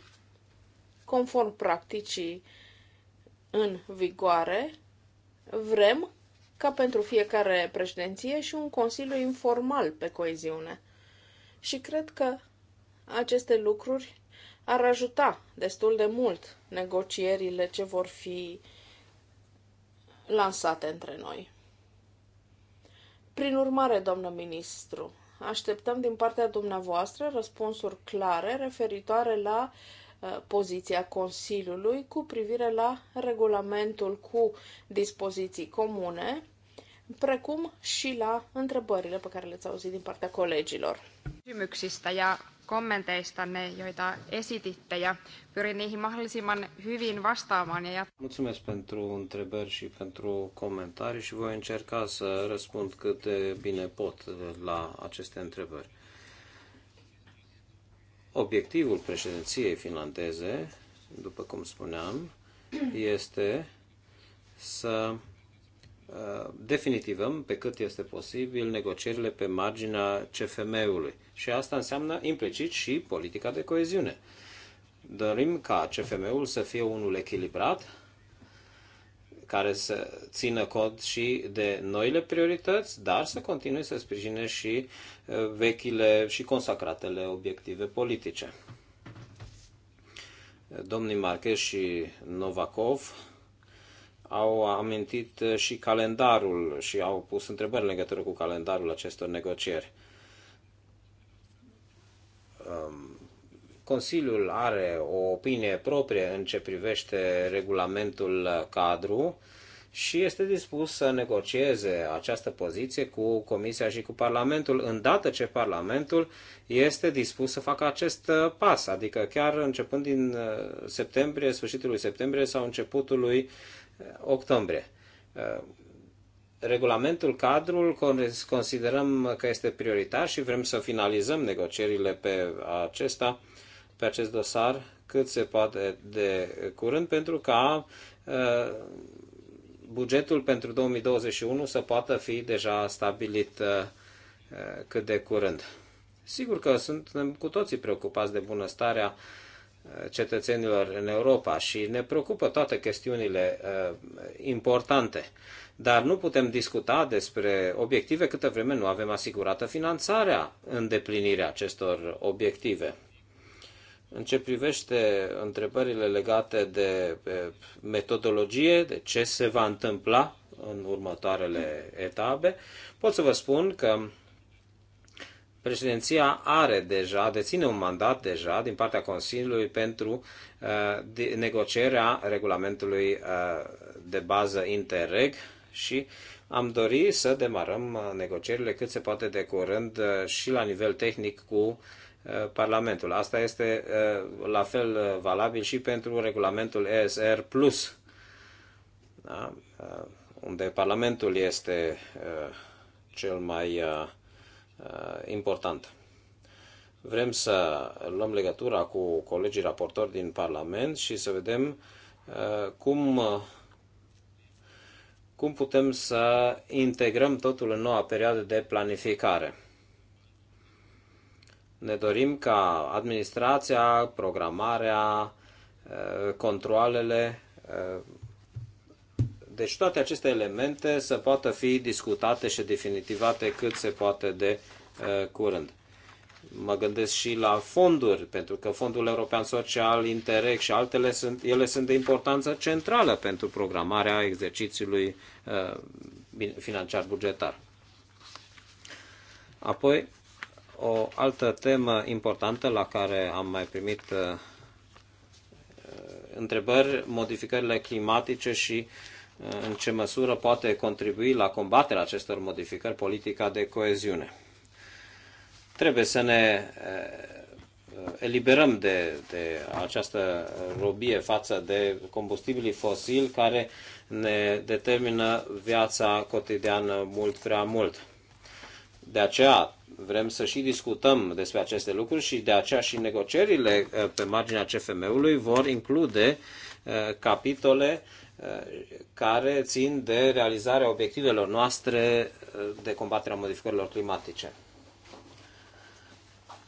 conform practicii în vigoare, vrem ca pentru fiecare președinție și un consiliu informal pe coeziune. Și cred că aceste lucruri ar ajuta destul de mult negocierile ce vor fi lansate între noi. Prin urmare, doamnă ministru, așteptăm din partea dumneavoastră răspunsuri clare referitoare la uh, Uh, poziția Consiliului cu privire la regulamentul cu dispoziții comune, precum și la întrebările pe care le-ați auzit din partea colegilor. Kysymyksistä ja kommenteistanne, joita esititte, ja pyrin niihin mahdollisimman hyvin vastaamaan. Ja Mulțumesc pentru întrebări și pentru comentarii și voi încerca să răspund cât de bine pot la aceste întrebări. Obiectivul președinției finlandeze, după cum spuneam, este să uh, definitivăm pe cât este posibil negocierile pe marginea CFM-ului. Și asta înseamnă implicit și politica de coeziune. Dorim ca CFM-ul să fie unul echilibrat, care să țină cont și de noile priorități, dar să continue să sprijine și uh, vechile și consacratele obiective politice. Domnii Marquez și Novakov au amintit și calendarul și au pus întrebări în legătură cu calendarul acestor negocieri. Um, Consiliul are o opinie proprie în ce privește regulamentul cadru și este dispus să negocieze această poziție cu Comisia și cu Parlamentul, îndată ce Parlamentul este dispus să facă acest uh, pas, adică chiar începând din uh, septembrie, sfârșitul lui septembrie sau începutul lui uh, octombrie. Regulamentul cadrul considerăm că este prioritar și vrem să finalizăm negocierile pe acesta pe acest dosar cât se poate de curând pentru ca uh, bugetul pentru 2021 să poată fi deja stabilit uh, uh, cât de curând. Sigur că suntem cu toții preocupați de bunăstarea cetățenilor în Europa și ne preocupă toate chestiunile importante. Dar nu putem discuta despre obiective câtă vreme nu avem asigurată finanțarea îndeplinirea acestor obiective. În ce privește întrebările legate de metodologie, de ce se va întâmpla în următoarele etape, pot să vă spun că președinția are deja, deține un mandat deja din partea Consiliului pentru uh, negocierea regulamentului uh, de bază Interreg și am dorit să demarăm uh, negocierile cât se poate de curând uh, și la nivel tehnic cu uh, Uh, Parlamentul. Asta este uh, la fel uh, valabil și pentru regulamentul ESR+, da? unde Parlamentul este cel mai important. Vrem să luăm legătura cu colegii raportori din Parlament și să vedem cum, cum putem să integrăm totul în noua perioadă de planificare ne dorim ca administrația, programarea, controlele, deci toate aceste elemente să poată fi discutate și definitivate cât se poate de curând. Mă gândesc și la fonduri, pentru că Fondul European Social, Interreg și altele sunt, ele sunt de importanță centrală pentru programarea exercițiului financiar bugetar. Apoi, o altă temă importantă la care am mai primit uh, uh, întrebări, modificările climatice și uh, în ce măsură poate contribui la combaterea acestor modificări politica de coeziune. Trebuie să ne eliberăm de, de această robie față de combustibilii fosili care ne determină viața cotidiană mult prea mult. De aceea vrem să și discutăm despre aceste lucruri și de aceea și negocierile uh, pe marginea CFM-ului vor include uh, capitole uh, care țin de realizarea obiectivelor noastre de a modificărilor climatice.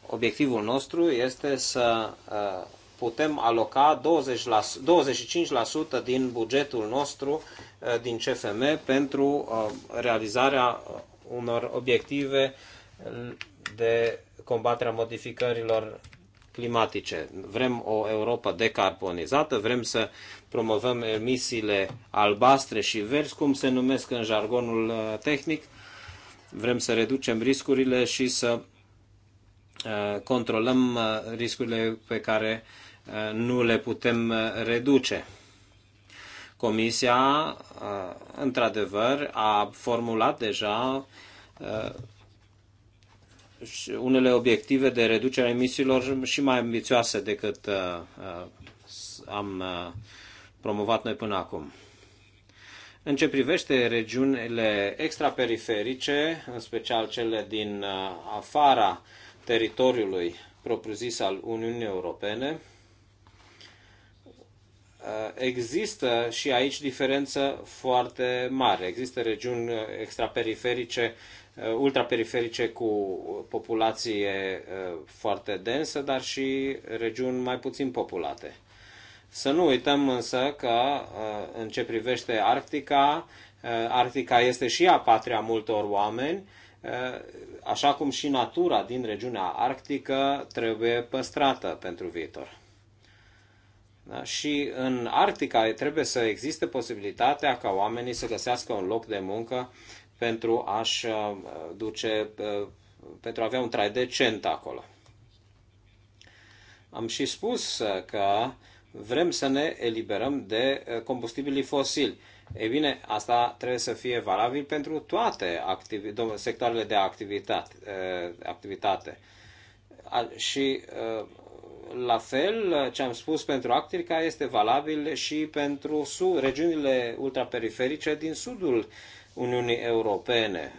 Obiectivul nostru este să putem aloca 20 la, 25% din bugetul nostru din CFM pentru realizarea unor obiective uh, de combaterea modificărilor climatice. Vrem o Europa decarbonizată, vrem să promovăm emisiile albastre și verzi, cum se numesc în jargonul uh, tehnic. Vrem să reducem riscurile și să uh, controlăm uh, riscurile pe care nu le putem reduce. Comisia, într-adevăr, a formulat deja unele obiective de reducere a emisiilor și mai ambițioase decât uh, uh, am uh, promovat noi până acum. În ce privește regiunile extraperiferice, în special cele din afara teritoriului propriu-zis al Uniunii Europene, există și aici diferență foarte mare. Există regiuni extraperiferice Uh, ultraperiferice cu populație uh, foarte densă, dar și regiuni mai puțin populate. Să nu uităm însă că uh, în ce privește Arctica, Arctica este și a patria multor oameni, așa cum și natura din regiunea arctică trebuie păstrată pentru viitor. Da? Și în Arctica trebuie să existe posibilitatea ca oamenii să găsească un loc de muncă pentru a-și uh, duce, uh, pentru a avea un trai decent acolo. Am și spus uh, că vrem să ne eliberăm de combustibilii fosili. Ei bine, asta trebuie să fie valabil pentru toate sectoarele de activitate. activitate. Și la fel, ce am spus pentru Actrica este valabil și pentru sud, regiunile ultraperiferice din sudul Uniunii Europene,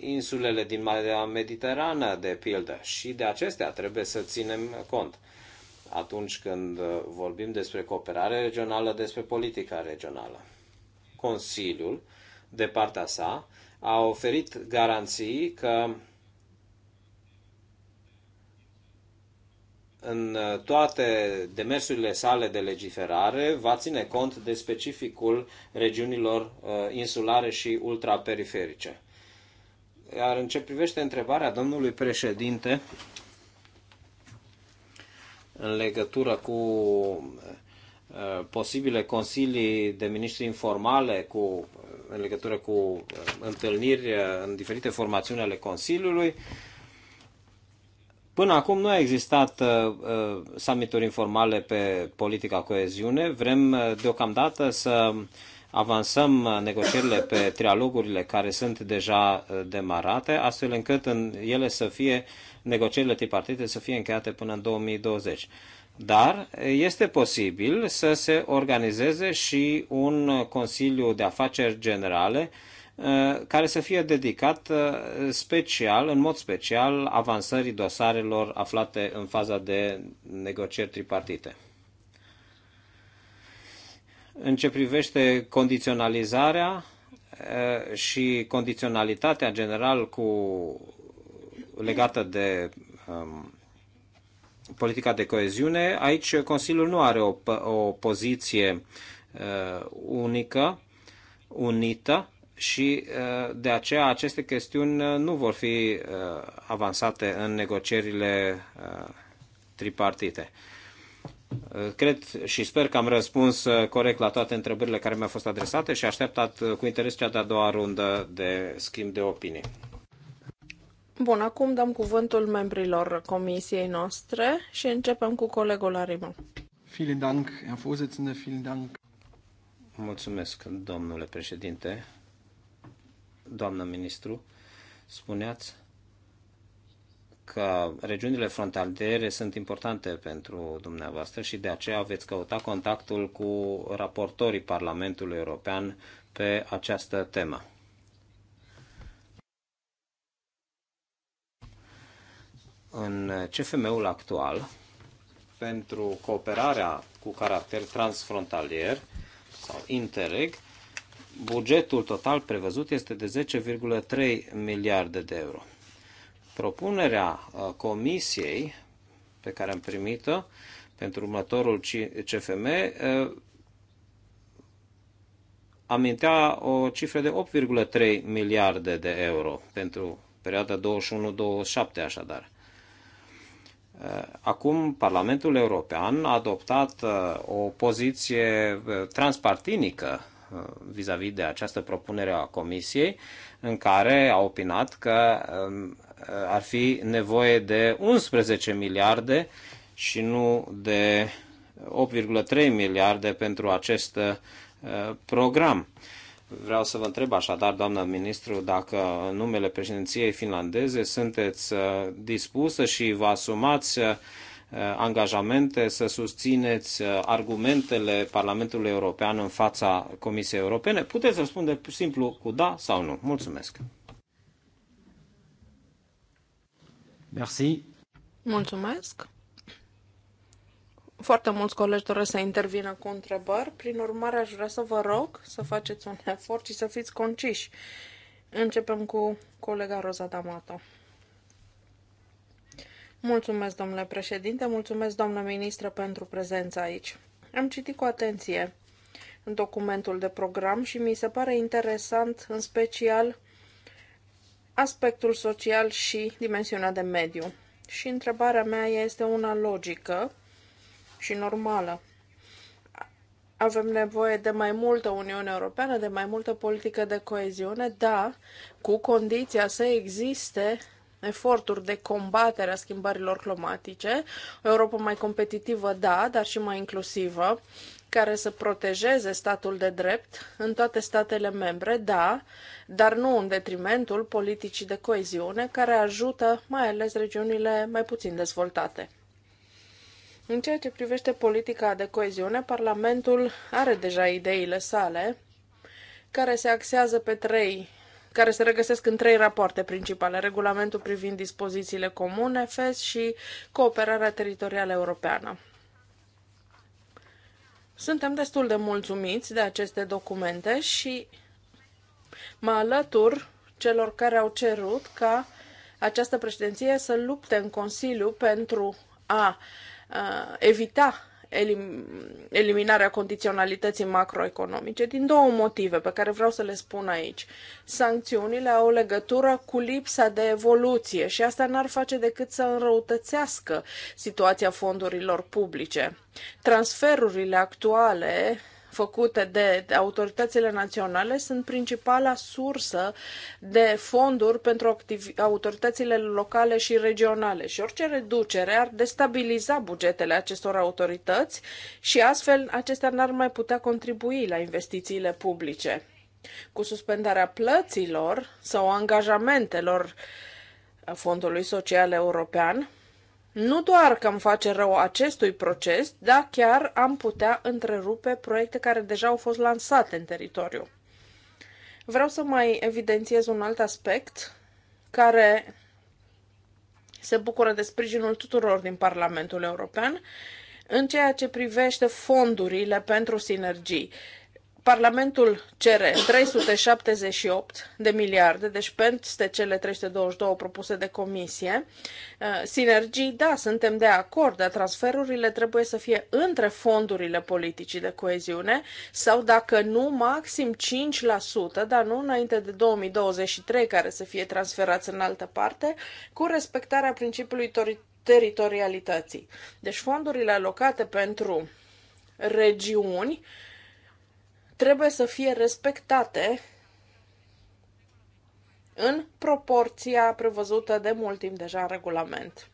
insulele din Marea Mediterană, de pildă, și de acestea trebuie să ținem cont atunci când vorbim despre cooperare regională, despre politica regională. Consiliul, de partea sa, a oferit garanții că în uh, toate demersurile sale de legiferare va ține cont de specificul regiunilor uh, insulare și ultraperiferice. Iar în ce privește întrebarea domnului președinte în legătură cu uh, posibile consilii de miniștri informale cu, în legătură cu întâlniri în diferite formațiuni ale Consiliului, Până acum nu a existat uh, uh, summituri informale pe politica coeziune. Vrem uh, deocamdată să avansăm uh, negocierile pe trialogurile care sunt deja demarate, astfel încât în ele să fie negocierile tripartite să fie încheiate până în 2020. Dar este posibil să se organizeze și un Consiliu de Afaceri Generale uh, Uh, care să fie dedicat uh, special, în mod special, avansării dosarelor aflate în faza de negocieri tripartite. În ce privește condiționalizarea uh, și condiționalitatea general cu legată de um, politica de coeziune, aici Consiliul nu are o, o poziție uh, unică, unită, și uh, de aceea aceste chestiuni uh, nu vor fi uh, avansate în negocierile tripartite. Cred și sper că am răspuns corect la toate întrebările care mi-au fost adresate și așteptat cu interes cea de-a doua rundă de schimb de opinii. Bun, acum dăm cuvântul membrilor comisiei noastre și începem cu colegul Arima. Vielen Dank, Herr vielen Dank. Mulțumesc, domnule președinte doamnă ministru, spuneați că regiunile frontaliere sunt importante pentru dumneavoastră și de aceea veți căuta contactul cu raportorii Parlamentului European pe această temă. În CFM-ul actual, pentru cooperarea cu caracter transfrontalier sau Interreg, bugetul total prevăzut este de 10,3 miliarde de euro. Propunerea uh, comisiei pe care am primit-o pentru următorul CFM uh, amintea o cifră de 8,3 miliarde de euro pentru perioada 21-27 așadar. Uh, acum Parlamentul European a adoptat o poziție transpartinică Uh, vis-a-vis -vis de această propunere a Comisiei, în care a opinat că um, uh, ar fi nevoie de 11 miliarde și nu de 8,3 miliarde pentru acest uh, program. Vreau să vă întreb așadar, doamnă ministru, dacă în numele președinției finlandeze sunteți dispusă și vă asumați Uh, angajamente, să susțineți uh, argumentele Parlamentului European în fața Comisiei Europene? Puteți răspunde simplu cu da sau nu. Mulțumesc! Merci. Mulțumesc! Foarte mulți colegi doresc să intervină cu întrebări, prin urmare aș vrea să vă rog să faceți un efort și să fiți conciși. Începem cu colega Rosa D'Amato. Mulțumesc, domnule președinte, mulțumesc, doamnă ministră, pentru prezența aici. Am citit cu atenție documentul de program și mi se pare interesant, în special, aspectul social și dimensiunea de mediu. Și întrebarea mea este una logică și normală. Avem nevoie de mai multă Uniune Europeană, de mai multă politică de coeziune, da, cu condiția să existe eforturi de combatere a schimbărilor climatice, o Europa mai competitivă, da, dar și mai inclusivă, care să protejeze statul de drept în toate statele membre, da, dar nu în detrimentul politicii de coeziune, care ajută mai ales regiunile mai puțin dezvoltate. În ceea ce privește politica de coeziune, Parlamentul are deja ideile sale, care se axează pe trei care se regăsesc în trei rapoarte principale, regulamentul privind dispozițiile comune, FES și cooperarea teritorială europeană. Suntem destul de mulțumiți de aceste documente și mă alătur celor care au cerut ca această președinție să lupte în Consiliu pentru a evita elim, eliminarea condiționalității macroeconomice din două motive pe care vreau să le spun aici. Sancțiunile au legătură cu lipsa de evoluție și asta n-ar face decât să înrăutățească situația fondurilor publice. Transferurile actuale făcute de autoritățile naționale sunt principala sursă de fonduri pentru autoritățile locale și regionale și orice reducere ar destabiliza bugetele acestor autorități și astfel acestea n-ar mai putea contribui la investițiile publice. Cu suspendarea plăților sau angajamentelor Fondului Social European, nu doar că am face rău acestui proces, dar chiar am putea întrerupe proiecte care deja au fost lansate în teritoriu. Vreau să mai evidențiez un alt aspect care se bucură de sprijinul tuturor din Parlamentul European în ceea ce privește fondurile pentru sinergii. Parlamentul cere 378 de miliarde, deci peste cele 322 propuse de comisie. Uh, sinergii, da, suntem de acord, dar transferurile trebuie să fie între fondurile politicii de coeziune sau, dacă nu, maxim 5%, dar nu înainte de 2023, care să fie transferați în altă parte, cu respectarea principiului teritorialității. Deci fondurile alocate pentru regiuni trebuie să fie respectate în proporția prevăzută de mult timp deja în regulament.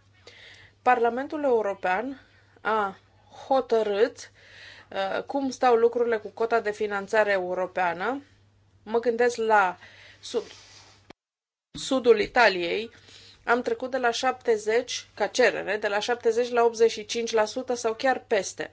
Parlamentul European a hotărât uh, cum stau lucrurile cu cota de finanțare europeană. Mă gândesc la sud, sudul Italiei. Am trecut de la 70, ca cerere, de la 70 la 85% sau chiar peste.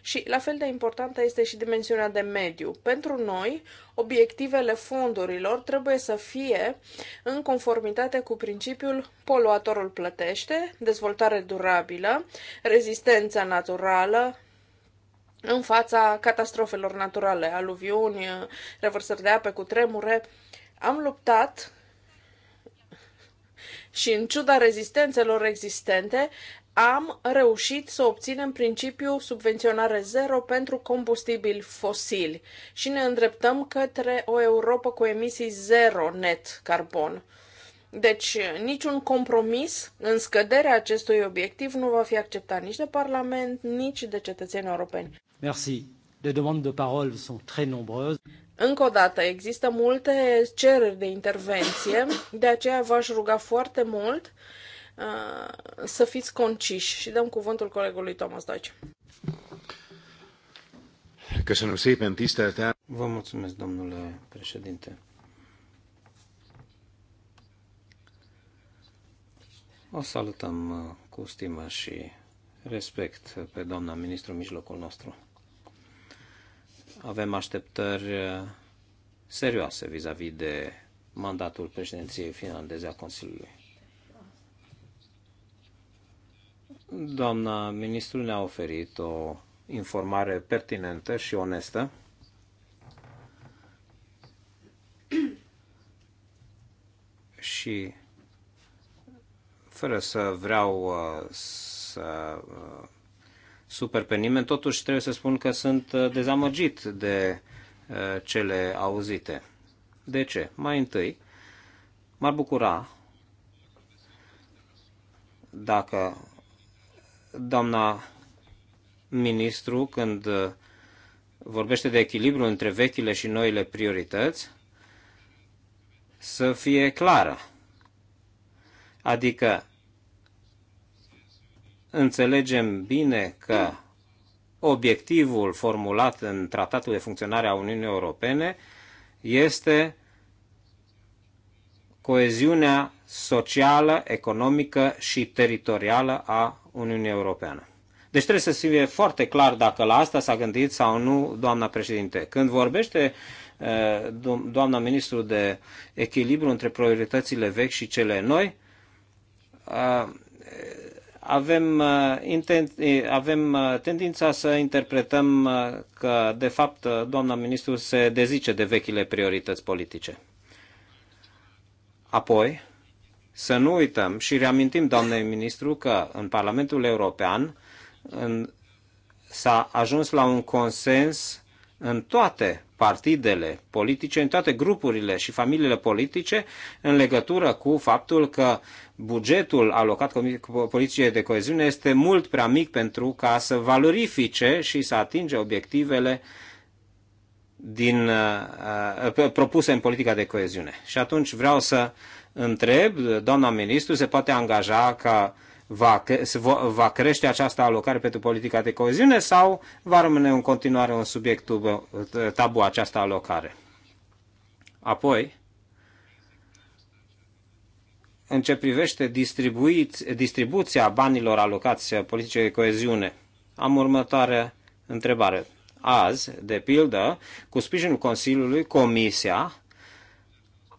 Și la fel de importantă este și dimensiunea de mediu. Pentru noi, obiectivele fondurilor trebuie să fie în conformitate cu principiul poluatorul plătește, dezvoltare durabilă, rezistența naturală, în fața catastrofelor naturale, aluviuni, revărsări de ape cu tremure. Am luptat și în ciuda rezistențelor existente, am reușit să obținem principiul subvenționare zero pentru combustibili fosili și ne îndreptăm către o Europa cu emisii zero net carbon. Deci, niciun compromis în scăderea acestui obiectiv nu va fi acceptat nici de Parlament, nici de cetățenii europeni. Merci. De demande de parole sont très nombreuses. Încă o dată, există multe cereri de intervenție, de aceea v-aș ruga foarte mult să fiți conciși și dăm cuvântul colegului Thomas Deutsch. Köszönöm szépen, tiszteltel! Vă mulțumesc, domnule președinte. O salutăm uh, cu stimă și respect pe doamna ministru în mijlocul nostru. Avem așteptări uh, serioase vis-a-vis -vis de mandatul președinției finlandeze a Consiliului. Doamna ministru ne-a oferit o informare pertinentă și onestă. și fără să vreau uh, să uh, super pe nimeni, totuși trebuie să spun că sunt uh, dezamăgit de cele auzite. De ce? Mai întâi, m-ar bucura dacă doamna ministru, când uh, vorbește de echilibru între vechile și noile priorități, să fie clară. Adică înțelegem bine că obiectivul formulat în Tratatul de Funcționare a Uniunii Europene este coeziunea socială, economică și teritorială a Uniunii Europeană. Deci trebuie să fie foarte clar dacă la asta s-a gândit sau nu doamna președinte. Când vorbește uh, doamna ministru de echilibru între prioritățile vechi și cele noi, uh, avem, uh, avem tendința să interpretăm că, de fapt, doamna ministru se dezice de vechile priorități politice. Apoi, să nu uităm și reamintim, doamnei ministru, că în Parlamentul European în, s-a ajuns la un consens în toate partidele politice, în toate grupurile și familiile politice, în legătură cu faptul că bugetul alocat politicii de coeziune este mult prea mic pentru ca să valorifice și să atinge obiectivele uh, din, uh, uh, propuse în politica de coeziune. Și atunci vreau să întreb, doamna ministru se poate angaja ca va, va crește această alocare pentru politica de coeziune sau va rămâne în continuare un subiect tabu această alocare? Apoi, în ce privește distribuția banilor alocați politicii de coeziune, am următoarea întrebare. Azi, de pildă, cu sprijinul Consiliului, Comisia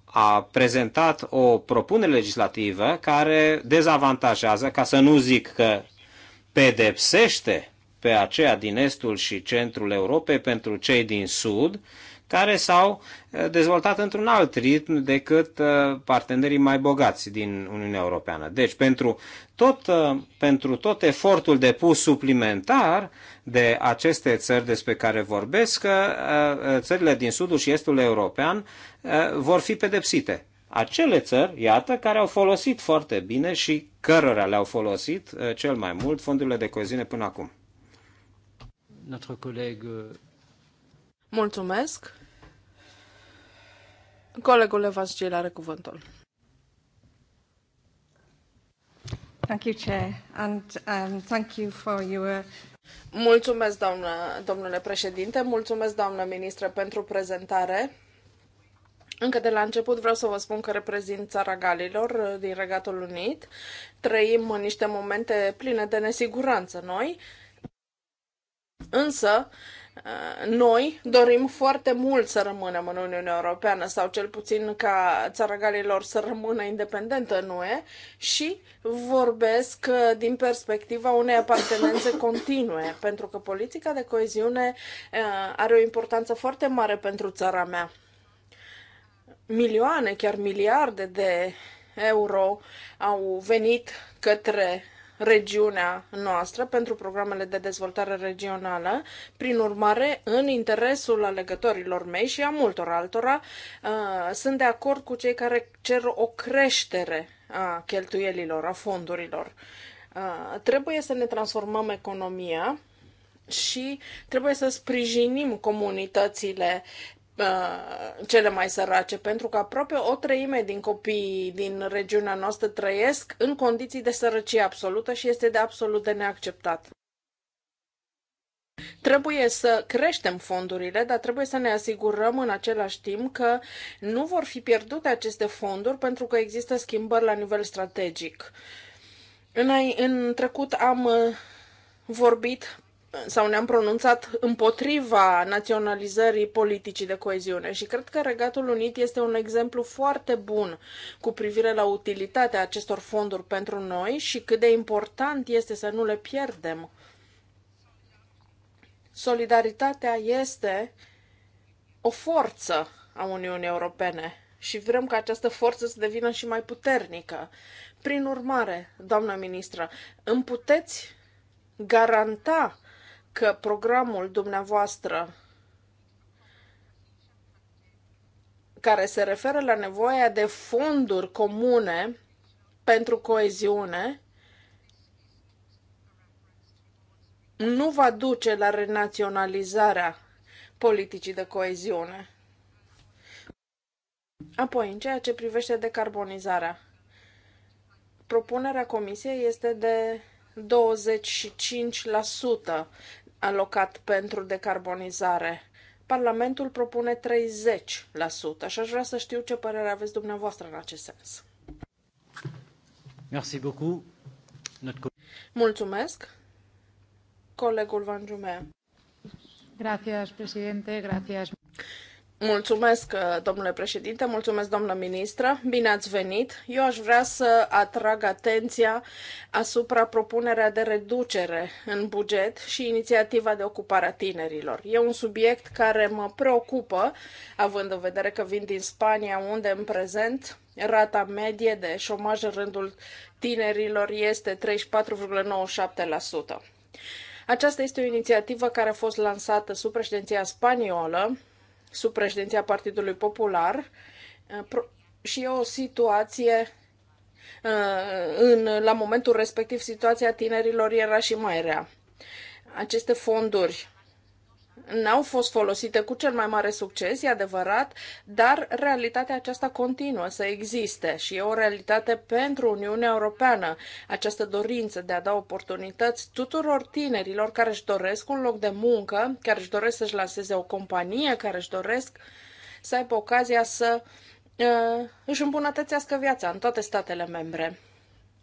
a prezentat o propunere legislativă care dezavantajează, ca să nu zic că pedepsește pe aceea din estul și centrul Europei pentru cei din sud, care s-au eh, dezvoltat într-un alt ritm decât eh, partenerii mai bogați din Uniunea Europeană. Deci, pentru tot, eh, pentru tot efortul depus suplimentar de aceste țări despre care vorbesc, țările din Sudul și Estul European vor fi pedepsite. Acele țări, iată, care au folosit foarte bine și cărora le-au folosit cel mai mult fondurile de coeziune până acum. Notre coleg Mulțumesc. Colegul Evasil are cuvântul. Thank you, Chair, and um, thank you for your... Mulțumesc, doamnă, domnule președinte, mulțumesc, doamnă ministră, pentru prezentare. Încă de la început vreau să vă spun că reprezint țara Galilor uh, din Regatul Unit. Trăim în niște momente pline de nesiguranță noi, însă noi dorim foarte mult să rămânem în Uniunea Europeană sau cel puțin ca țara Galilor să rămână independentă în UE și vorbesc uh, din perspectiva unei apartenențe continue, pentru că politica de coeziune uh, are o importanță foarte mare pentru țara mea. Milioane, chiar miliarde de euro au venit către regiunea noastră pentru programele de dezvoltare regională. Prin urmare, în interesul alegătorilor mei și a multor altora, uh, sunt de acord cu cei care cer o creștere a cheltuielilor, a fondurilor. Uh, trebuie să ne transformăm economia și trebuie să sprijinim comunitățile Uh, cele mai sărace, pentru că aproape o treime din copiii din regiunea noastră trăiesc în condiții de sărăcie absolută și este de absolut de neacceptat. Trebuie să creștem fondurile, dar trebuie să ne asigurăm în același timp că nu vor fi pierdute aceste fonduri pentru că există schimbări la nivel strategic. În, în trecut am uh, vorbit sau ne-am pronunțat împotriva naționalizării politicii de coeziune și cred că Regatul Unit este un exemplu foarte bun cu privire la utilitatea acestor fonduri pentru noi și cât de important este să nu le pierdem. Solidaritatea este o forță a Uniunii Europene și vrem ca această forță să devină și mai puternică. Prin urmare, doamnă ministră, îmi puteți garanta că programul dumneavoastră care se referă la nevoia de fonduri comune pentru coeziune nu va duce la renaționalizarea politicii de coeziune. Apoi, în ceea ce privește decarbonizarea, propunerea Comisiei este de 25% alocat pentru decarbonizare. Parlamentul propune 30% și aș vrea să știu ce părere aveți dumneavoastră în acest sens. Merci beaucoup. Notre... Mulțumesc. Colegul Van Jumea. Gracias, presidente. Gracias. Mulțumesc, uh, domnule președinte, mulțumesc, domnule ministră, bine ați venit. Eu aș vrea să atrag atenția asupra propunerea de reducere în buget și inițiativa de ocupare a tinerilor. E un subiect care mă preocupă, având în vedere că vin din Spania, unde în prezent rata medie de șomaj în rândul tinerilor este 34,97%. Aceasta este o inițiativă care a fost lansată sub președinția spaniolă sub președinția Partidului Popular uh, și e o situație uh, în, la momentul respectiv situația tinerilor era și mai rea. Aceste fonduri n-au fost folosite cu cel mai mare succes, e adevărat, dar realitatea aceasta continuă să existe și e o realitate pentru Uniunea Europeană. Această dorință de a da oportunități tuturor tinerilor care își doresc un loc de muncă, care își doresc să-și lanseze o companie, care își doresc să aibă ocazia să uh, își îmbunătățească viața în toate statele membre.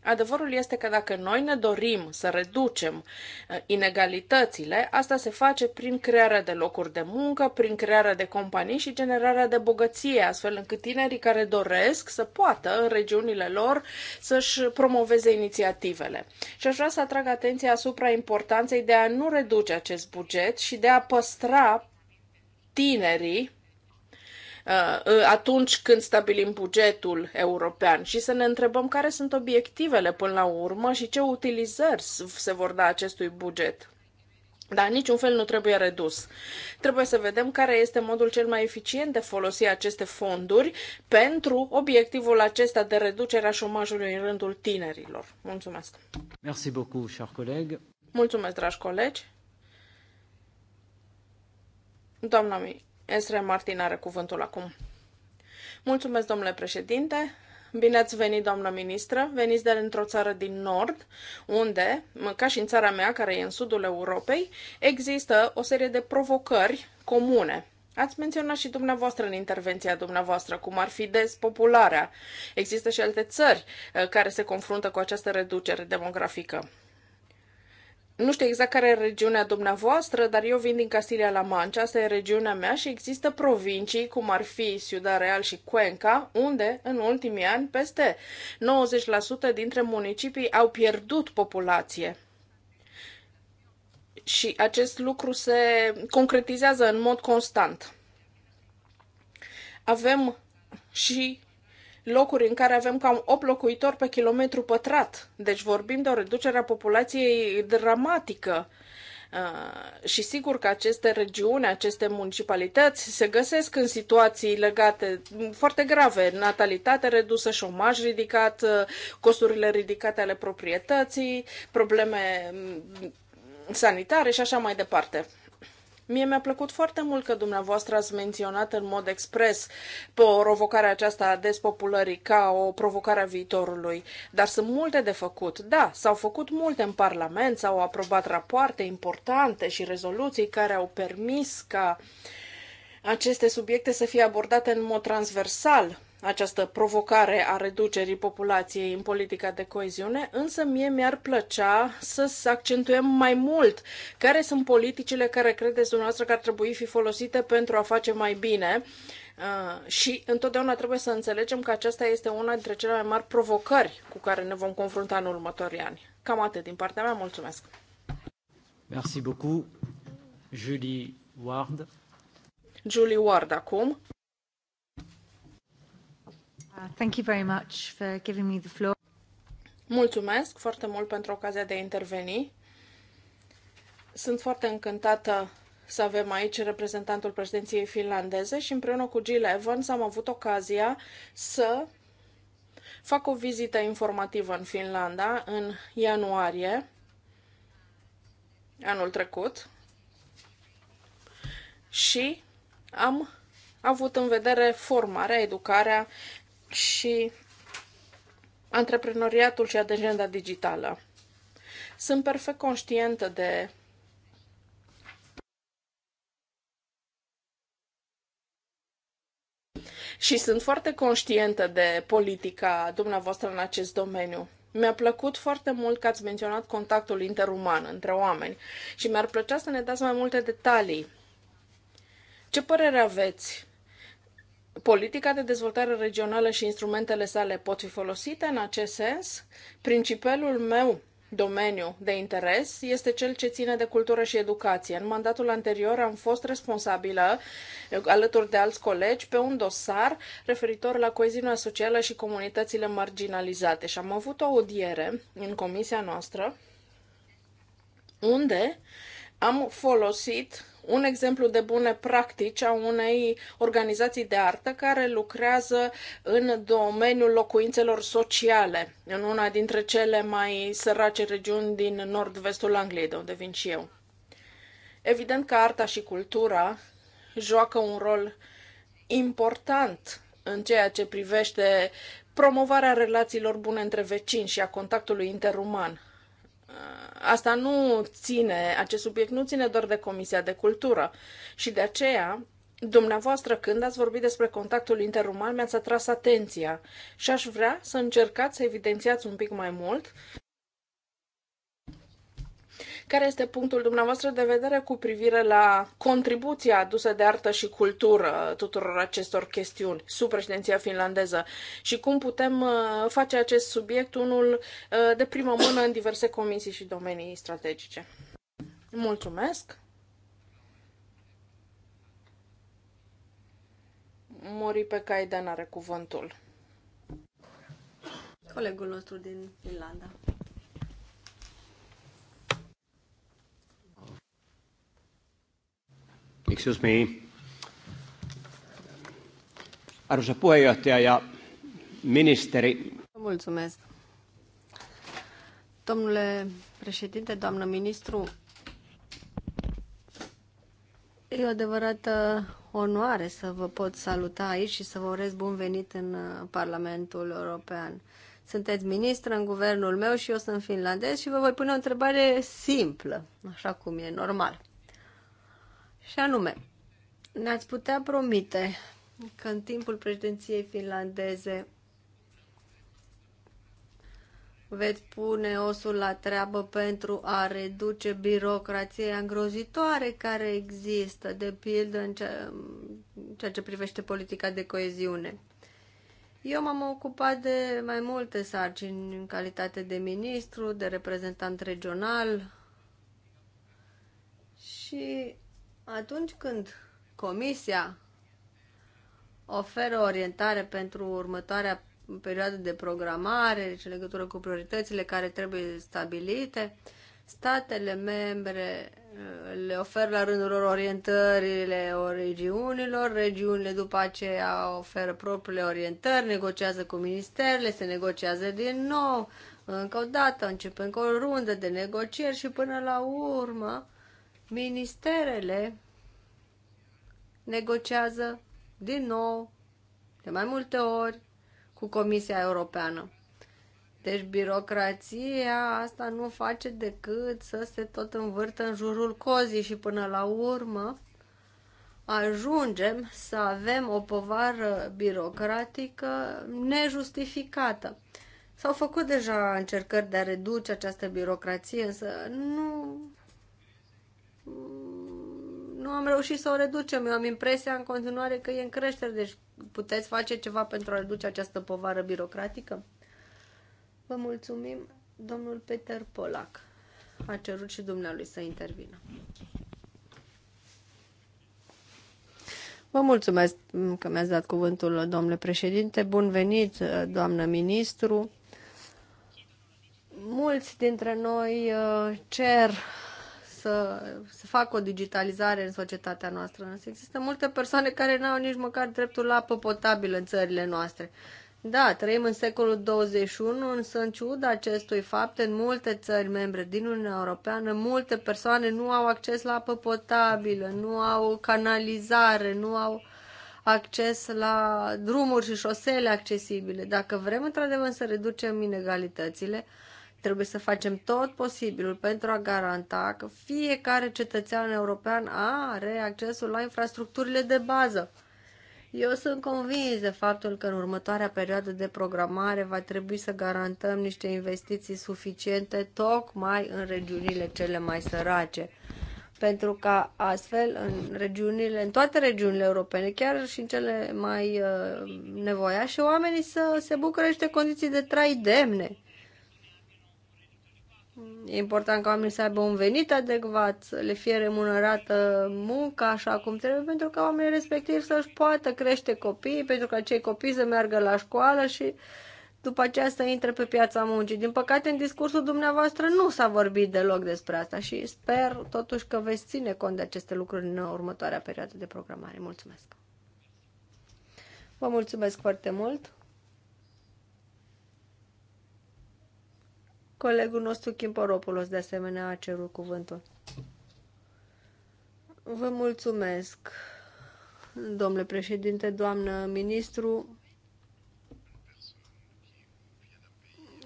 Adevărul este că dacă noi ne dorim să reducem uh, inegalitățile, asta se face prin crearea de locuri de muncă, prin crearea de companii și generarea de bogăție, astfel încât tinerii care doresc să poată în regiunile lor să-și promoveze inițiativele. Și aș vrea să atrag atenția asupra importanței de a nu reduce acest buget și de a păstra tinerii Uh, uh, atunci când stabilim bugetul european și să ne întrebăm care sunt obiectivele până la urmă și ce utilizări se vor da acestui buget. Dar niciun fel nu trebuie redus. Trebuie să vedem care este modul cel mai eficient de folosi aceste fonduri pentru obiectivul acesta de reducere a șomajului în rândul tinerilor. Mulțumesc! Merci beaucoup, cher coleg. Mulțumesc, dragi colegi! Doamna Mi Esre Martin are cuvântul acum. Mulțumesc, domnule președinte. Bine ați venit, doamnă ministră. Veniți de într-o țară din nord, unde, ca și în țara mea, care e în sudul Europei, există o serie de provocări comune Ați menționat și dumneavoastră în intervenția dumneavoastră cum ar fi despopularea. Există și alte țări eh, care se confruntă cu această reducere demografică. Nu știu exact care e regiunea dumneavoastră, dar eu vin din Castilia-La Mancha, asta e regiunea mea și există provincii, cum ar fi Ciudad Real și Cuenca, unde în ultimii ani peste 90% dintre municipii au pierdut populație. Și acest lucru se concretizează în mod constant. Avem și locuri în care avem cam 8 locuitori pe kilometru pătrat. Deci vorbim de o reducere a populației dramatică. Uh, și sigur că aceste regiuni, aceste municipalități se găsesc în situații legate foarte grave, natalitate redusă, șomaj ridicat, uh, costurile ridicate ale proprietății, probleme mm, sanitare și așa mai departe. Mie mi-a plăcut foarte mult că dumneavoastră ați menționat în mod expres provocarea aceasta a despopulării ca o provocare a viitorului, dar sunt multe de făcut. Da, s-au făcut multe în Parlament, s-au aprobat rapoarte importante și rezoluții care au permis ca aceste subiecte să fie abordate în mod transversal această provocare a reducerii populației în politica de coeziune, însă mie mi-ar plăcea să accentuăm mai mult care sunt politicile care credeți dumneavoastră că ar trebui fi folosite pentru a face mai bine Uh, și întotdeauna trebuie să înțelegem că aceasta este una dintre cele mai mari provocări cu care ne vom confrunta în următorii ani. Cam atât din partea mea, mulțumesc. Merci beaucoup, Julie Ward. Julie Ward acum. Thank you very much for giving me the floor. Mulțumesc foarte mult pentru ocazia de a interveni. Sunt foarte încântată să avem aici reprezentantul președinției finlandeze și împreună cu Jill Evans am avut ocazia să fac o vizită informativă în Finlanda în ianuarie anul trecut și am avut în vedere formarea, educarea și antreprenoriatul și agenda digitală. Sunt perfect conștientă de și sunt foarte conștientă de politica dumneavoastră în acest domeniu. Mi-a plăcut foarte mult că ați menționat contactul interuman între oameni și mi-ar plăcea să ne dați mai multe detalii. Ce părere aveți Politica de dezvoltare regională și instrumentele sale pot fi folosite în acest sens. Principalul meu domeniu de interes este cel ce ține de cultură și educație. În mandatul anterior am fost responsabilă, alături de alți colegi, pe un dosar referitor la coeziunea socială și comunitățile marginalizate și am avut o audiere în comisia noastră unde am folosit un exemplu de bune practici a unei organizații de artă care lucrează în domeniul locuințelor sociale, în una dintre cele mai sărace regiuni din nord-vestul Angliei, de unde vin și eu. Evident că arta și cultura joacă un rol important în ceea ce privește promovarea relațiilor bune între vecini și a contactului interuman asta nu ține, acest subiect nu ține doar de Comisia de Cultură și de aceea Dumneavoastră, când ați vorbit despre contactul interuman, mi-ați atras atenția și aș vrea să încercați să evidențiați un pic mai mult care este punctul dumneavoastră de vedere cu privire la contribuția adusă de artă și cultură tuturor acestor chestiuni sub președinția finlandeză și cum putem uh, face acest subiect unul uh, de primă mână în diverse comisii și domenii strategice? Mulțumesc! Mori pe Caiden are cuvântul. Colegul nostru din Finlanda. Excuse me. Arvoisa puheenjohtaja ja ministeri. Mulțumesc. Domnule președinte, doamnă ministru, e o adevărată onoare să vă pot saluta aici și să vă urez bun venit în uh, Parlamentul European. Sunteți ministră în guvernul meu și eu sunt finlandez și vă voi pune o întrebare simplă, așa cum e normal. Și anume, ne-ați putea promite că în timpul președinției finlandeze veți pune osul la treabă pentru a reduce birocrația îngrozitoare care există, de pildă în ceea ce privește politica de coeziune. Eu m-am ocupat de mai multe sarcini în calitate de ministru, de reprezentant regional și atunci când comisia oferă orientare pentru următoarea perioadă de programare, deci în legătură cu prioritățile care trebuie stabilite, statele membre uh, le oferă la rândul lor orientările o regiunilor, regiunile după aceea oferă propriile orientări, negociază cu ministerele, se negociază din nou, încă o dată, începând cu o rundă de negocieri și până la urmă Ministerele negociază din nou, de mai multe ori, cu Comisia Europeană. Deci birocrația asta nu face decât să se tot învârtă în jurul cozii și până la urmă ajungem să avem o povară birocratică nejustificată. S-au făcut deja încercări de a reduce această birocrație, însă nu nu am reușit să o reducem. Eu am impresia în continuare că e în creștere, deci puteți face ceva pentru a reduce această povară birocratică? Vă mulțumim, domnul Peter Polac. A cerut și dumnealui să intervină. Vă mulțumesc că mi-ați dat cuvântul, domnule președinte. Bun venit, doamnă ministru. Mulți dintre noi uh, cer să să facă o digitalizare în societatea noastră. există multe persoane care n-au nici măcar dreptul la apă potabilă în țările noastre. Da, trăim în secolul 21, însă în ciuda acestui fapt, în multe țări membre din Uniunea Europeană, multe persoane nu au acces la apă potabilă, nu au canalizare, nu au acces la drumuri și șosele accesibile. Dacă vrem într-adevăr să reducem inegalitățile, Trebuie să facem tot posibilul pentru a garanta că fiecare cetățean european are accesul la infrastructurile de bază. Eu sunt convins de faptul că în următoarea perioadă de programare va trebui să garantăm niște investiții suficiente tocmai în regiunile cele mai sărace. Pentru ca astfel în regiunile, în toate regiunile europene, chiar și în cele mai uh, nevoiașe, oamenii să se bucure de condiții de trai demne E important ca oamenii să aibă un venit adecvat, să le fie remunerată munca așa cum trebuie, pentru ca oamenii respectivi să-și poată crește copiii, pentru ca cei copii să meargă la școală și după aceea să intre pe piața muncii. Din păcate, în discursul dumneavoastră nu s-a vorbit deloc despre asta și sper totuși că veți ține cont de aceste lucruri în următoarea perioadă de programare. Mulțumesc! Vă mulțumesc foarte mult! Colegul nostru Chimporopulos, de asemenea a cerut cuvântul. Vă mulțumesc, domnule președinte, doamnă ministru.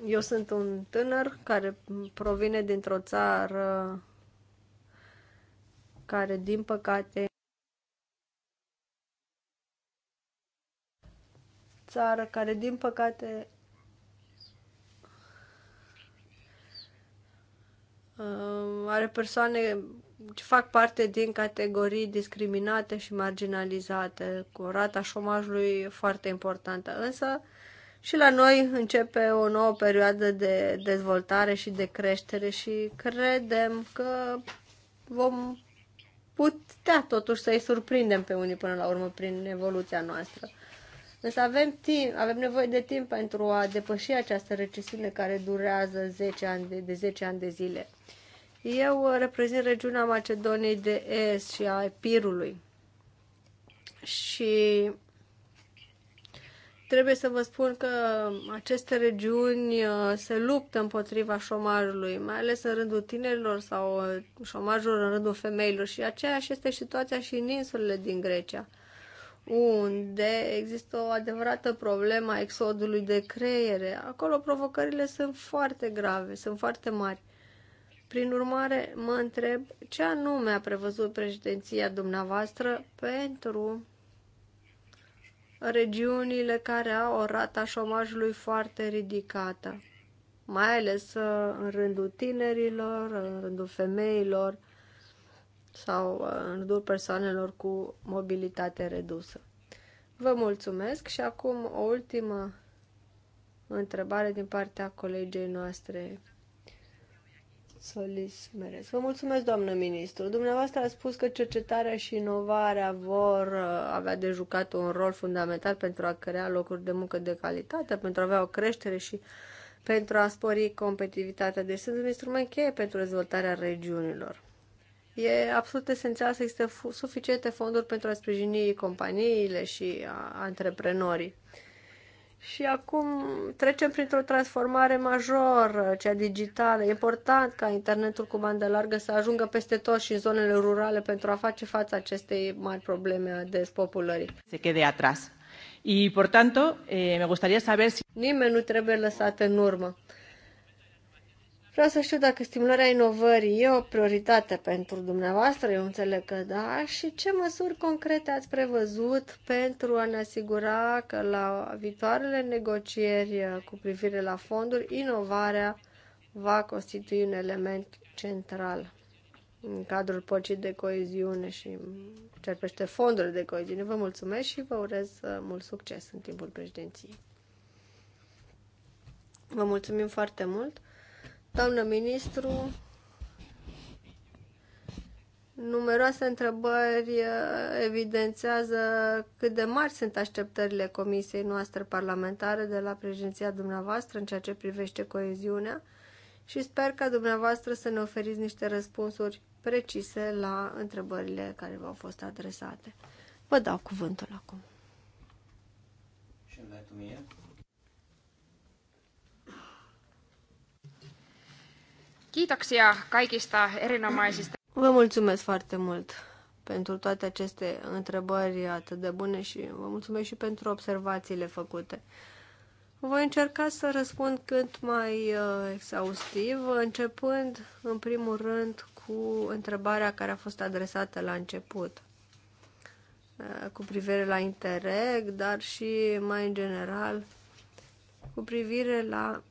Eu sunt un tânăr care provine dintr-o țară care, din păcate, țară care, din păcate, Uh, are persoane ce fac parte din categorii discriminate și marginalizate, cu rata șomajului foarte importantă. Însă și la noi începe o nouă perioadă de dezvoltare și de creștere și credem că vom putea totuși să-i surprindem pe unii până la urmă prin evoluția noastră. Însă deci avem timp, avem nevoie de timp pentru a depăși această recesiune care durează 10 ani de, de 10 ani de zile. Eu uh, reprezint regiunea Macedoniei de Est și a Epirului. Și trebuie să vă spun că aceste regiuni uh, se luptă împotriva șomajului, mai ales în rândul tinerilor sau uh, șomajul în rândul femeilor și aceeași este situația și în insulele din Grecia unde există o adevărată problemă a exodului de creiere. Acolo provocările sunt foarte grave, sunt foarte mari. Prin urmare, mă întreb ce anume a prevăzut președinția dumneavoastră pentru regiunile care au o rata șomajului foarte ridicată, mai ales uh, în rândul tinerilor, în rândul femeilor, sau uh, în rândul persoanelor cu mobilitate redusă. Vă mulțumesc și acum o ultimă întrebare din partea colegei noastre, Solis Merez. Vă mulțumesc, doamnă ministru. Dumneavoastră a spus că cercetarea și inovarea vor uh, avea de jucat un rol fundamental pentru a crea locuri de muncă de calitate, pentru a avea o creștere și pentru a spori competitivitatea. Deci sunt un instrument cheie pentru dezvoltarea regiunilor. E absolut esențial să existe suficiente fonduri pentru a sprijini companiile și antreprenorii. Și acum trecem printr-o transformare majoră, cea digitală. E important ca internetul cu bandă largă să ajungă peste tot și în zonele rurale pentru a face față acestei mari probleme a despopulării. Se quede atras. Y por tanto, eh, me gustaría saber si... Nimeni nu trebuie lăsat în urmă. Vreau să știu dacă stimularea inovării e o prioritate pentru dumneavoastră, eu înțeleg că da, și ce măsuri concrete ați prevăzut pentru a ne asigura că la viitoarele negocieri uh, cu privire la fonduri, inovarea va constitui un element central în cadrul păcii de coeziune și cerpește fondurile de coeziune. Vă mulțumesc și vă urez uh, mult succes în timpul președinției. Vă mulțumim foarte mult! Doamnă ministru, numeroase întrebări uh, evidențează cât de mari sunt așteptările Comisiei noastre parlamentare de la președinția dumneavoastră în ceea ce privește coeziunea și sper ca dumneavoastră să ne oferiți niște răspunsuri precise la întrebările care v-au fost adresate. Vă dau cuvântul acum. Și mie. Kiitoksia kaikista erinomaisista. Vă mulțumesc foarte mult pentru toate aceste întrebări atât de bune și vă mulțumesc și pentru observațiile făcute. Voi încerca să răspund cât mai uh, exhaustiv, începând în primul rând cu întrebarea care a fost adresată la început uh, cu privire la Interreg, dar și mai în general cu privire la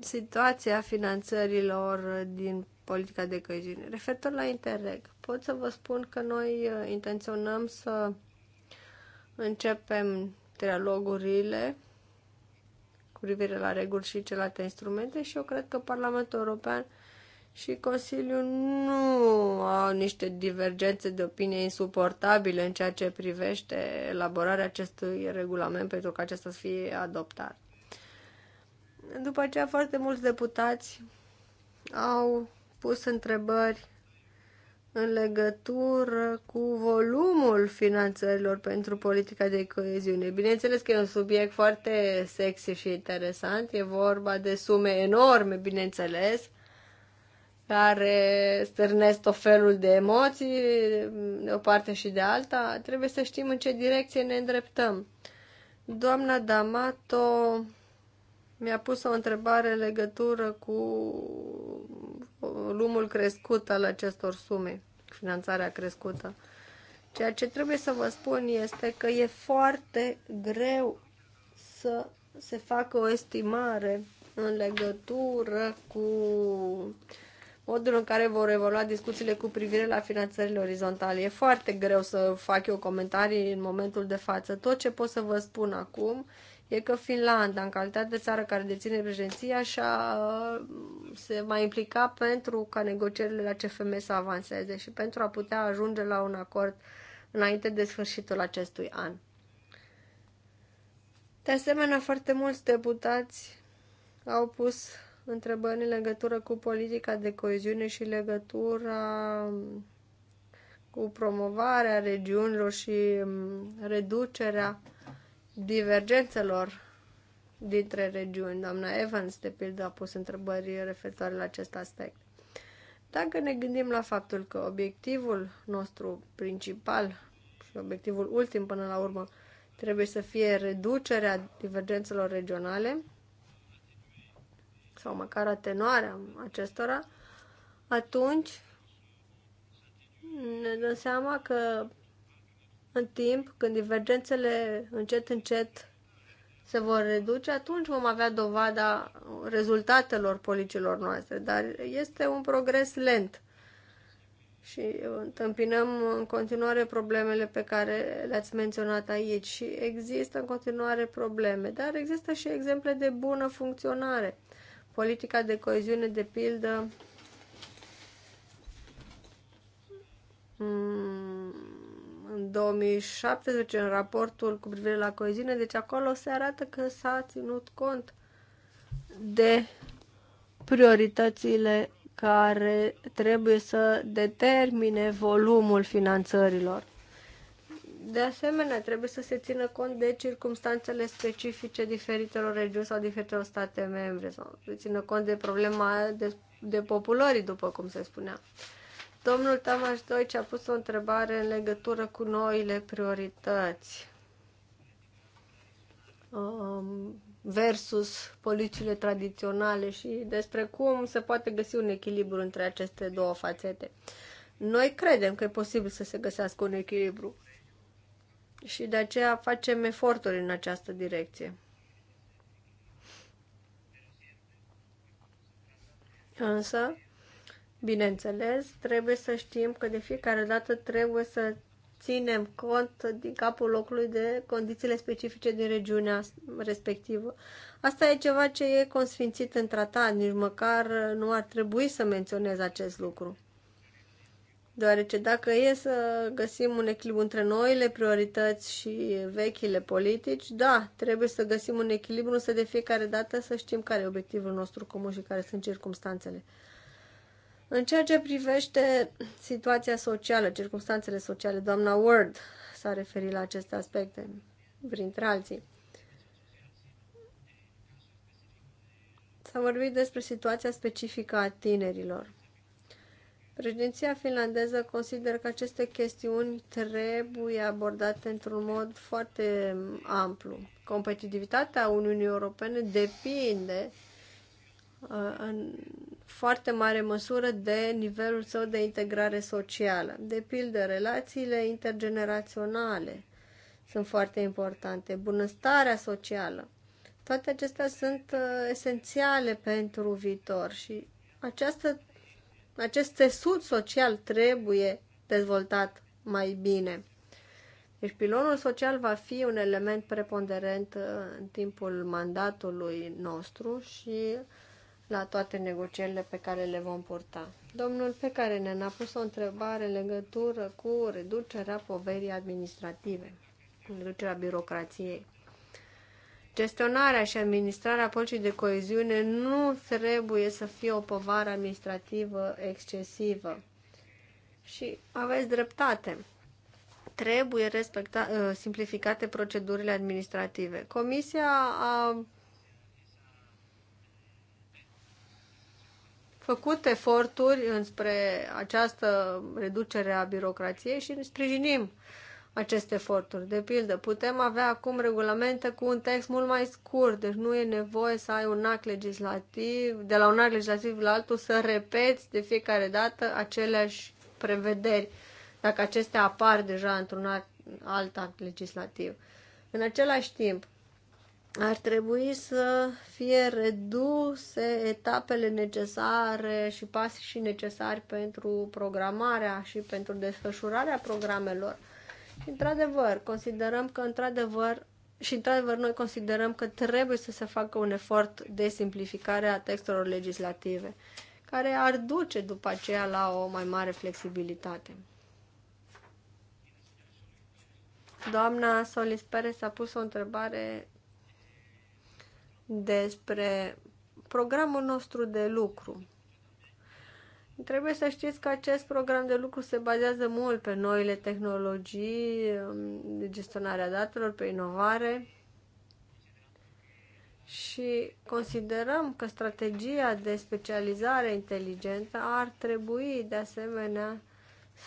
situația finanțărilor din politica de căjini. Referitor la Interreg, pot să vă spun că noi uh, intenționăm să începem trialogurile cu privire la reguli și celelalte instrumente și eu cred că Parlamentul European și Consiliul nu au niște divergențe de opinie insuportabile în ceea ce privește elaborarea acestui regulament pentru că acesta să fie adoptat. După aceea, foarte mulți deputați au pus întrebări în legătură cu volumul finanțărilor pentru politica de coeziune. Bineînțeles că e un subiect foarte sexy și interesant, e vorba de sume enorme, bineînțeles, care stârnesc tot felul de emoții de o parte și de alta. Trebuie să știm în ce direcție ne îndreptăm. Doamna D'Amato mi-a pus o întrebare în legătură cu lumul crescut al acestor sume, finanțarea crescută. Ceea ce trebuie să vă spun este că e foarte greu să se facă o estimare în legătură cu modul în care vor evolua discuțiile cu privire la finanțările orizontale. E foarte greu să fac eu comentarii în momentul de față. Tot ce pot să vă spun acum e că Finlanda, în calitate de țară care deține președinția, și-a, uh, se mai implica pentru ca negocierile la CFM să avanseze și pentru a putea ajunge la un acord înainte de sfârșitul acestui an. De asemenea, foarte mulți deputați au pus întrebări în legătură cu politica de coeziune și legătura um, cu promovarea regiunilor și um, reducerea divergențelor dintre regiuni. Doamna Evans, de pildă, a pus întrebări referitoare la acest aspect. Dacă ne gândim la faptul că obiectivul nostru principal și obiectivul ultim până la urmă trebuie să fie reducerea divergențelor regionale sau măcar atenuarea acestora, atunci ne dăm seama că în timp, când divergențele încet, încet se vor reduce, atunci vom avea dovada rezultatelor politicilor noastre. Dar este un progres lent și întâmpinăm în continuare problemele pe care le-ați menționat aici și există în continuare probleme, dar există și exemple de bună funcționare. Politica de coeziune, de pildă, mm, în 2017 în raportul cu privire la coeziune, deci acolo se arată că s-a ținut cont de prioritățile care trebuie să determine volumul finanțărilor. De asemenea, trebuie să se țină cont de circumstanțele specifice diferitelor regiuni sau diferitelor state membre, sau să țină cont de problema de, de populării, după cum se spunea. Domnul Tamaș Doici a pus o întrebare în legătură cu noile priorități um, versus politicile tradiționale și despre cum se poate găsi un echilibru între aceste două fațete. Noi credem că e posibil să se găsească un echilibru și de aceea facem eforturi în această direcție. Însă, Bineînțeles, trebuie să știm că de fiecare dată trebuie să ținem cont din capul locului de condițiile specifice din regiunea respectivă. Asta e ceva ce e consfințit în tratat, nici măcar nu ar trebui să menționez acest lucru. Deoarece dacă e să găsim un echilibru între noile priorități și vechile politici, da, trebuie să găsim un echilibru, însă de fiecare dată să știm care e obiectivul nostru comun și care sunt circumstanțele. În ceea ce privește situația socială, circunstanțele sociale, doamna Ward s-a referit la aceste aspecte, printre alții. S-a vorbit despre situația specifică a tinerilor. Președinția finlandeză consideră că aceste chestiuni trebuie abordate într-un mod foarte amplu. Competitivitatea Uniunii Europene depinde uh, în foarte mare măsură de nivelul său de integrare socială. De pildă, relațiile intergeneraționale sunt foarte importante, bunăstarea socială. Toate acestea sunt uh, esențiale pentru viitor și această, acest tesut social trebuie dezvoltat mai bine. Deci pilonul social va fi un element preponderent uh, în timpul mandatului nostru și uh, la toate negocierile pe care le vom purta. Domnul pe care ne-a pus o întrebare în legătură cu reducerea poverii administrative, reducerea birocrației. Gestionarea și administrarea politicii de coeziune nu trebuie să fie o povară administrativă excesivă. Și aveți dreptate. Trebuie respecta, uh, simplificate procedurile administrative. Comisia a făcut eforturi înspre această reducere a birocrației și sprijinim aceste eforturi. De pildă, putem avea acum regulamente cu un text mult mai scurt, deci nu e nevoie să ai un act legislativ, de la un act legislativ la altul să repeți de fiecare dată aceleași prevederi, dacă acestea apar deja într-un alt act legislativ. În același timp, ar trebui să fie reduse etapele necesare și pasii necesari pentru programarea și pentru desfășurarea programelor. într-adevăr, considerăm că, într-adevăr, și într-adevăr noi considerăm că trebuie să se facă un efort de simplificare a textelor legislative, care ar duce după aceea la o mai mare flexibilitate. Doamna Solis Perez a pus o întrebare despre programul nostru de lucru. Trebuie să știți că acest program de lucru se bazează mult pe noile tehnologii, um, de gestionarea datelor, pe inovare și considerăm că strategia de specializare inteligentă ar trebui de asemenea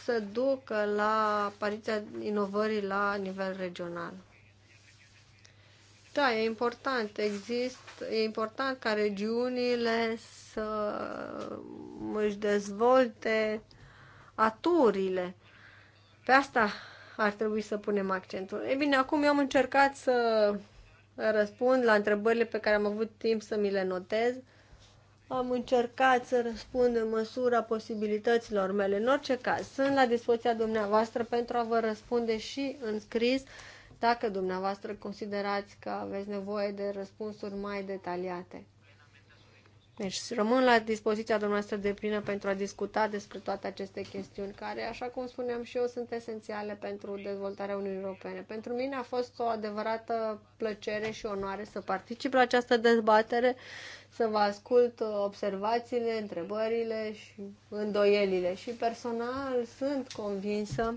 să ducă la apariția inovării la nivel regional. Da, e important. Există, e important ca regiunile să își dezvolte aturile. Pe asta ar trebui să punem accentul. E bine, acum eu am încercat să răspund la întrebările pe care am avut timp să mi le notez. Am încercat să răspund în măsura posibilităților mele. În orice caz, sunt la dispoziția dumneavoastră pentru a vă răspunde și în scris dacă dumneavoastră considerați că aveți nevoie de răspunsuri mai detaliate. Deci rămân la dispoziția dumneavoastră de plină pentru a discuta despre toate aceste chestiuni care, așa cum spuneam și eu, sunt esențiale pentru dezvoltarea Uniunii Europene. Pentru mine a fost o adevărată plăcere și onoare să particip la această dezbatere, să vă ascult observațiile, întrebările și îndoielile. Și personal sunt convinsă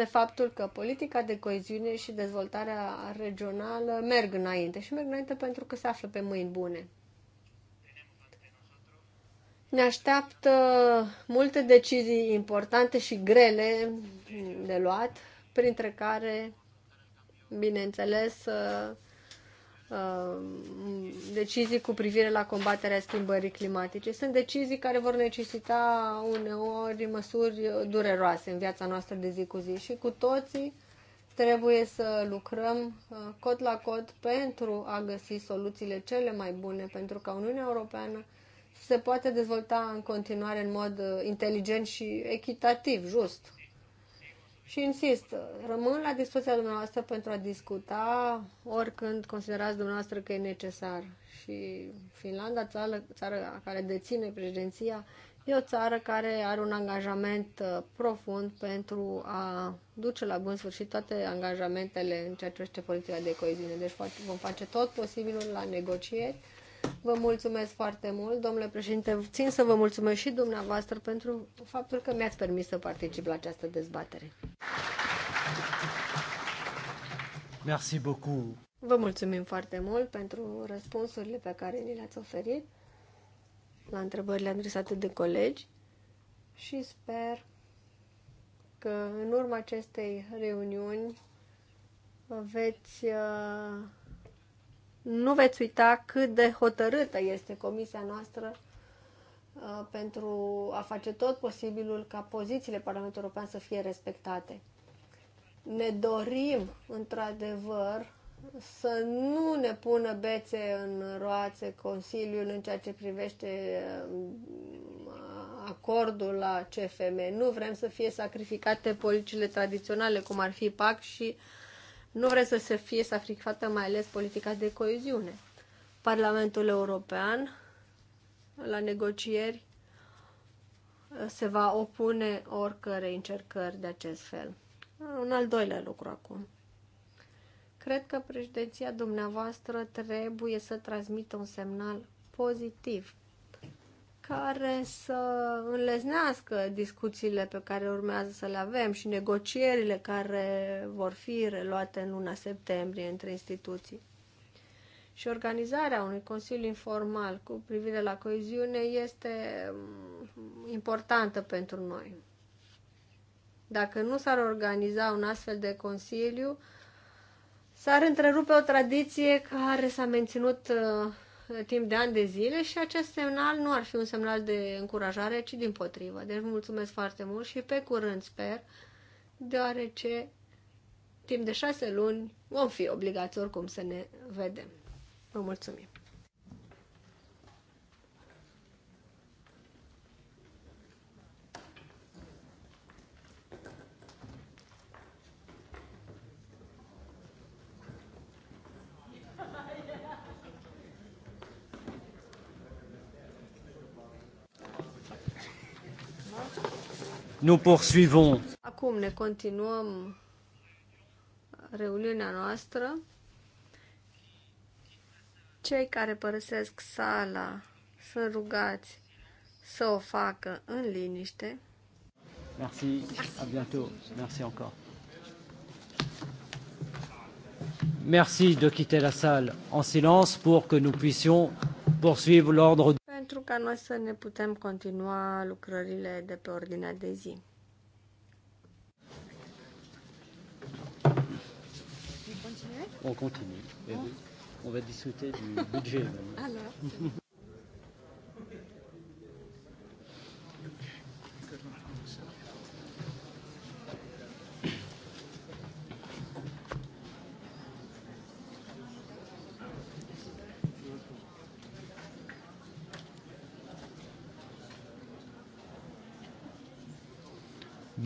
de faptul că politica de coeziune și dezvoltarea regională merg înainte și merg înainte pentru că se află pe mâini bune. Ne așteaptă multe decizii importante și grele de luat, printre care, bineînțeles, Uh, decizii cu privire la combaterea schimbării climatice. Sunt decizii care vor necesita uneori măsuri dureroase în viața noastră de zi cu zi și cu toții trebuie să lucrăm uh, cot la cot pentru a găsi soluțiile cele mai bune pentru ca Uniunea Europeană se poate dezvolta în continuare în mod uh, inteligent și echitativ, just. Și insist, rămân la dispoziția dumneavoastră pentru a discuta oricând considerați dumneavoastră că e necesar. Și Finlanda, țară, țară care deține președinția, e o țară care are un angajament uh, profund pentru a duce la bun sfârșit toate angajamentele în ceea ce privește politica de coeziune. Deci vom face tot posibilul la negocieri Vă mulțumesc foarte mult, domnule președinte. Țin să vă mulțumesc și dumneavoastră pentru faptul că mi-ați permis să particip la această dezbatere. Merci beaucoup. Vă mulțumim foarte mult pentru răspunsurile pe care ni le-ați oferit la întrebările adresate de colegi și sper că în urma acestei reuniuni veți uh, nu veți uita cât de hotărâtă este comisia noastră uh, pentru a face tot posibilul ca pozițiile Parlamentului European să fie respectate. Ne dorim, într-adevăr, să nu ne pună bețe în roațe Consiliul în ceea ce privește uh, acordul la CFM. Nu vrem să fie sacrificate politicile tradiționale, cum ar fi PAC și uh, nu vrea să se fie sacrificată mai ales politica de coeziune. Parlamentul European, la negocieri, se va opune oricărei încercări de acest fel. Un al doilea lucru acum. Cred că președinția dumneavoastră trebuie să transmită un semnal pozitiv care să înleznească discuțiile pe care urmează să le avem și negocierile care vor fi reluate în luna septembrie între instituții. Și organizarea unui consiliu informal cu privire la coeziune este mm, importantă pentru noi. Dacă nu s-ar organiza un astfel de consiliu, s-ar întrerupe o tradiție care s-a menținut uh, timp de ani de zile și acest semnal nu ar fi un semnal de încurajare, ci din potrivă. Deci mulțumesc foarte mult și pe curând, sper, deoarece timp de șase luni vom fi obligați oricum să ne vedem. Vă mulțumim! Nous poursuivons. Acum ne continuăm reuniunea noastră. Cei care părăsesc sala sunt rugați să o facă în liniște. Merci. a bientôt. Merci encore. Merci de quitter la salle en silence pour que nous puissions poursuivre l'ordre pentru ca noi să ne putem continua lucrările de pe ordinea de zi. On continue On va discuter du budget. Alors.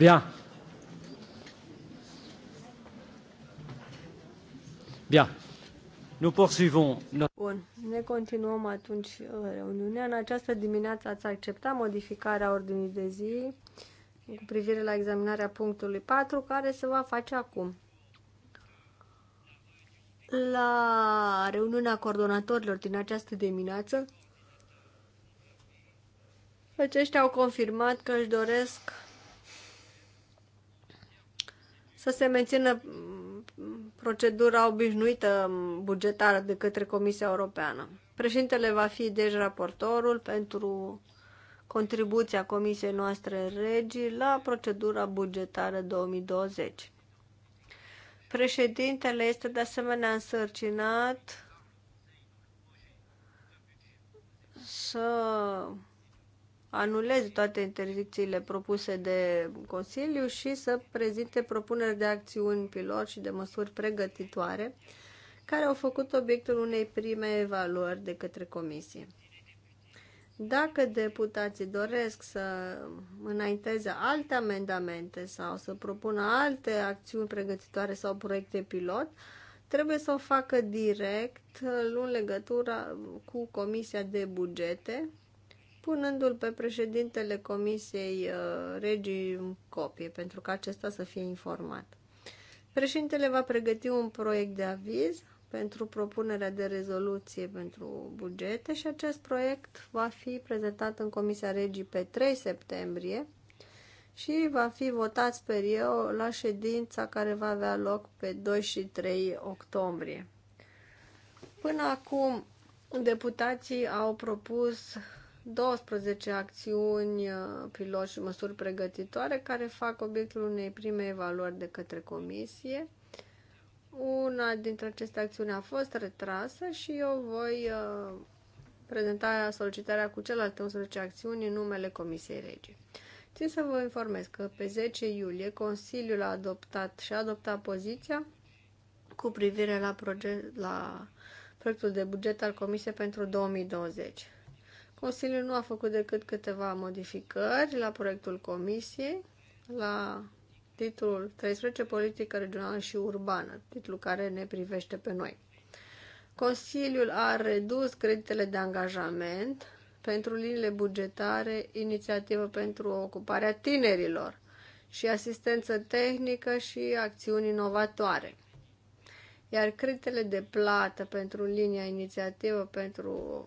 Bia. Bien. Nous poursuivons. Bun, ne continuăm atunci uh, reuniunea. În această dimineață ați acceptat modificarea ordinii de zi cu privire la examinarea punctului 4, care se va face acum. La reuniunea coordonatorilor din această dimineață, aceștia au confirmat că își doresc să se mențină mm, procedura obișnuită mm, bugetară de către Comisia Europeană. Președintele va fi deci raportorul pentru contribuția Comisiei noastre regii la procedura bugetară 2020. Președintele este de asemenea însărcinat să anuleze toate interdicțiile propuse de Consiliu și să prezinte propuneri de acțiuni pilot și de măsuri pregătitoare care au făcut obiectul unei prime evaluări de către Comisie. Dacă deputații doresc să înainteze alte amendamente sau să propună alte acțiuni pregătitoare sau proiecte pilot, trebuie să o facă direct în legătură cu Comisia de Bugete punându-l pe președintele Comisiei uh, Regii în copie, pentru ca acesta să fie informat. Președintele va pregăti un proiect de aviz pentru propunerea de rezoluție pentru bugete și acest proiect va fi prezentat în Comisia Regii pe 3 septembrie și va fi votat, sper eu, la ședința care va avea loc pe 2 și 3 octombrie. Până acum, deputații au propus 12 acțiuni uh, pilot și măsuri pregătitoare care fac obiectul unei prime evaluări de către comisie. Una dintre aceste acțiuni a fost retrasă și eu voi uh, prezenta solicitarea cu celelalte 11 acțiuni în numele Comisiei Regii. Țin să vă informez că pe 10 iulie Consiliul a adoptat și a adoptat poziția cu privire la, proiect, la proiectul de buget al Comisiei pentru 2020. Consiliul nu a făcut decât câteva modificări la proiectul comisiei, la titlul 13, politică regională și urbană, titlul care ne privește pe noi. Consiliul a redus creditele de angajament pentru liniile bugetare, inițiativă pentru ocuparea tinerilor și asistență tehnică și acțiuni inovatoare. Iar creditele de plată pentru linia inițiativă pentru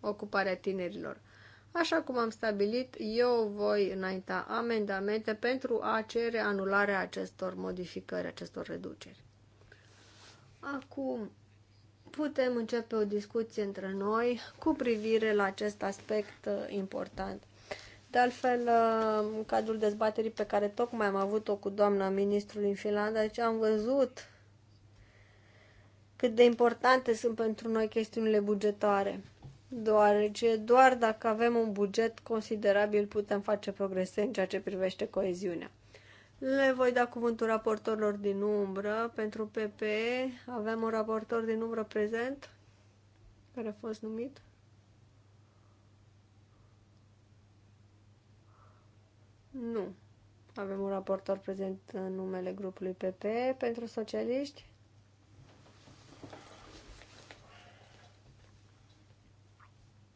ocuparea tinerilor. Așa cum am stabilit, eu voi înainta amendamente pentru a cere anularea acestor modificări, acestor reduceri. Acum putem începe o discuție între noi cu privire la acest aspect uh, important. De altfel, uh, în cadrul dezbaterii pe care tocmai am avut-o cu doamna ministrul în Finlanda, deci am văzut cât de importante sunt pentru noi chestiunile bugetare deoarece doar dacă avem un buget considerabil putem face progrese în ceea ce privește coeziunea. Le voi da cuvântul raportorilor din umbră. Pentru PPE avem un raportor din umbră prezent, care a fost numit. Nu. Avem un raportor prezent în numele grupului PP pentru socialiști.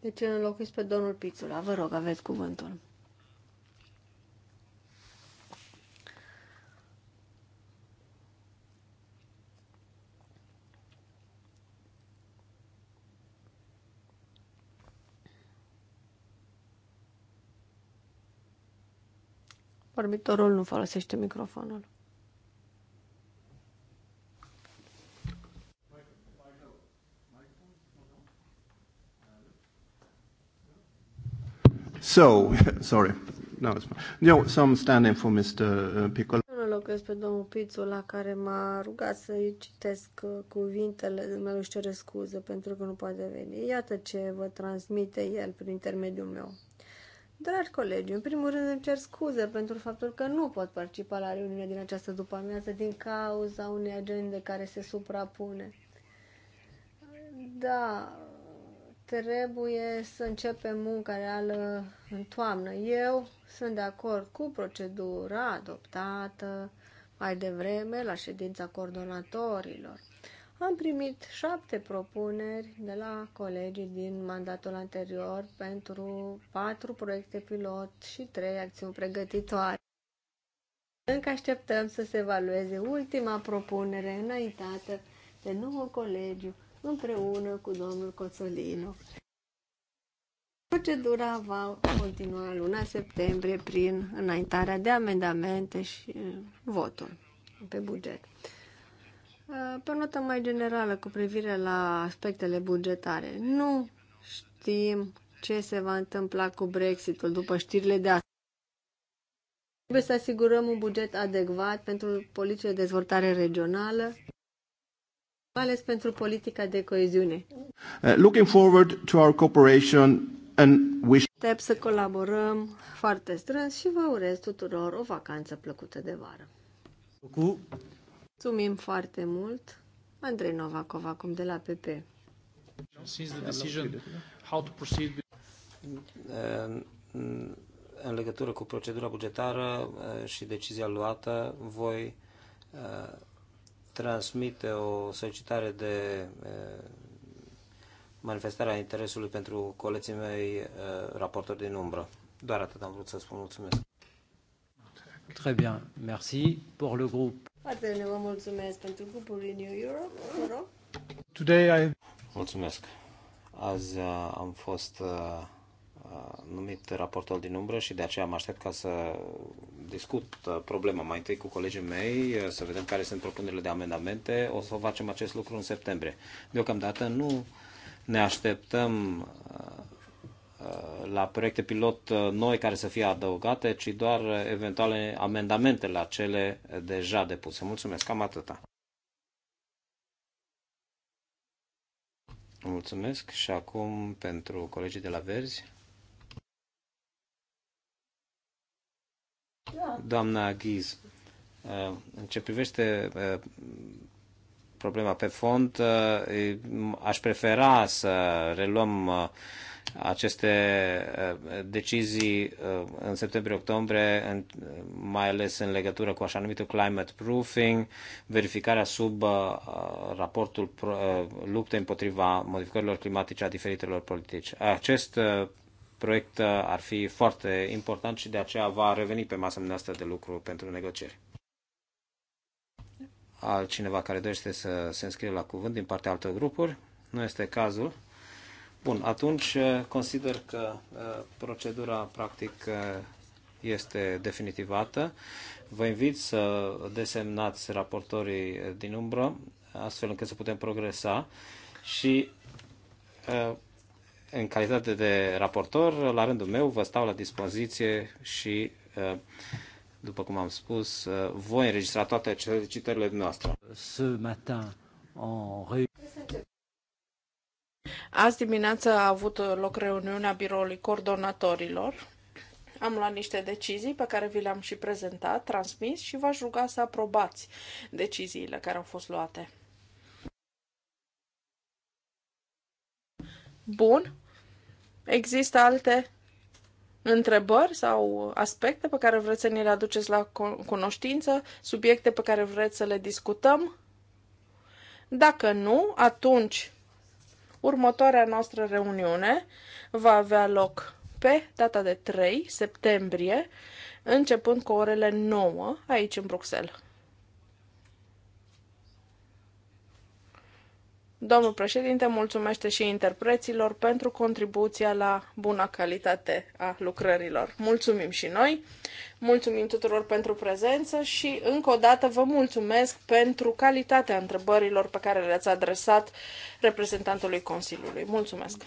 Deci îl înlocuiți pe domnul Pițula. Vă rog, aveți cuvântul. Vorbitorul nu folosește microfonul. So, sorry. No, it's know, so I'm standing for Mr. Uh, Piccolo. Eu locuiesc pe domnul la care m-a rugat să-i citesc uh, cuvintele, mă își cere scuze pentru că nu poate veni. Iată ce vă transmite el prin intermediul meu. Dragi colegi, în primul rând îmi cer scuze pentru faptul că nu pot participa la reuniunea din această după-amiază din cauza unei agende care se suprapune. Da, trebuie să începem munca reală în toamnă. Eu sunt de acord cu procedura adoptată mai devreme la ședința coordonatorilor. Am primit șapte propuneri de la colegii din mandatul anterior pentru patru proiecte pilot și trei acțiuni pregătitoare. Încă așteptăm să se evalueze ultima propunere înaintată de nouă colegiu împreună cu domnul Coțolino. Procedura va continua luna septembrie prin înaintarea de amendamente și uh, votul pe buget. Uh, pe o notă mai generală cu privire la aspectele bugetare, nu știm ce se va întâmpla cu Brexitul după știrile de astăzi. Trebuie să asigurăm un buget adecvat pentru politica de dezvoltare regională, mai ales pentru politica de coeziune. Uh, looking forward to our cooperation and wish... Aștept să colaborăm foarte strâns și vă urez tuturor o vacanță plăcută de vară. Cu... Mulțumim foarte mult, Andrei Novakov, acum de la PP. Since the decision how to proceed with... În legătură cu procedura bugetară uh, și decizia luată, voi uh, transmite o solicitare de a interesului pentru colegii mei raportori din umbră. Doar atât am vrut să spun. Mulțumesc. Très bien, merci. Pour le groupe. Foarte bine, vă mulțumesc pentru grupul New Europe. Vă rog. Today I... Mulțumesc. Azi uh, am fost uh, numit raportul din umbră și de aceea mă aștept ca să discut uh, problema mai întâi cu colegii mei, uh, să vedem care sunt propunerile de amendamente. O să facem acest lucru în septembrie. Deocamdată nu ne așteptăm uh, la proiecte pilot noi care să fie adăugate, ci doar eventuale amendamente la cele deja depuse. Mulțumesc, cam atâta. Mulțumesc și acum pentru colegii de la Verzi. Doamna Ghiz, uh, în ce privește uh, problema pe fond, uh, aș prefera să reluăm aceste decizii în septembrie-octombrie, mai ales în legătură cu așa numitul climate proofing, verificarea sub raportul luptei împotriva modificărilor climatice a diferitelor politici. Acest proiect uh, ar fi foarte important și de aceea va reveni pe masa noastră de lucru pentru negocieri. Altcineva care dorește să se înscrie la cuvânt din partea altor grupuri? Nu este cazul. Bun, atunci uh, consider că uh, procedura practic este definitivată. Vă invit să desemnați raportorii din umbră, astfel încât să putem progresa și în calitate de raportor, la rândul meu, vă stau la dispoziție și, uh, după cum am spus, uh, voi înregistra toate citările noastre. Azi dimineață a avut loc reuniunea biroului coordonatorilor. Am luat niște decizii pe care vi le-am și prezentat, transmis și v-aș ruga să aprobați deciziile care au fost luate. Bun. Există alte întrebări sau aspecte pe care vreți să ne le aduceți la cunoștință, subiecte pe care vreți să le discutăm? Dacă nu, atunci următoarea noastră reuniune va avea loc pe data de 3 septembrie, începând cu orele 9 aici în Bruxelles. Domnul președinte mulțumește și interpreților pentru contribuția la buna calitate a lucrărilor. Mulțumim și noi, mulțumim tuturor pentru prezență și încă o dată vă mulțumesc pentru calitatea întrebărilor pe care le-ați adresat reprezentantului Consiliului. Mulțumesc!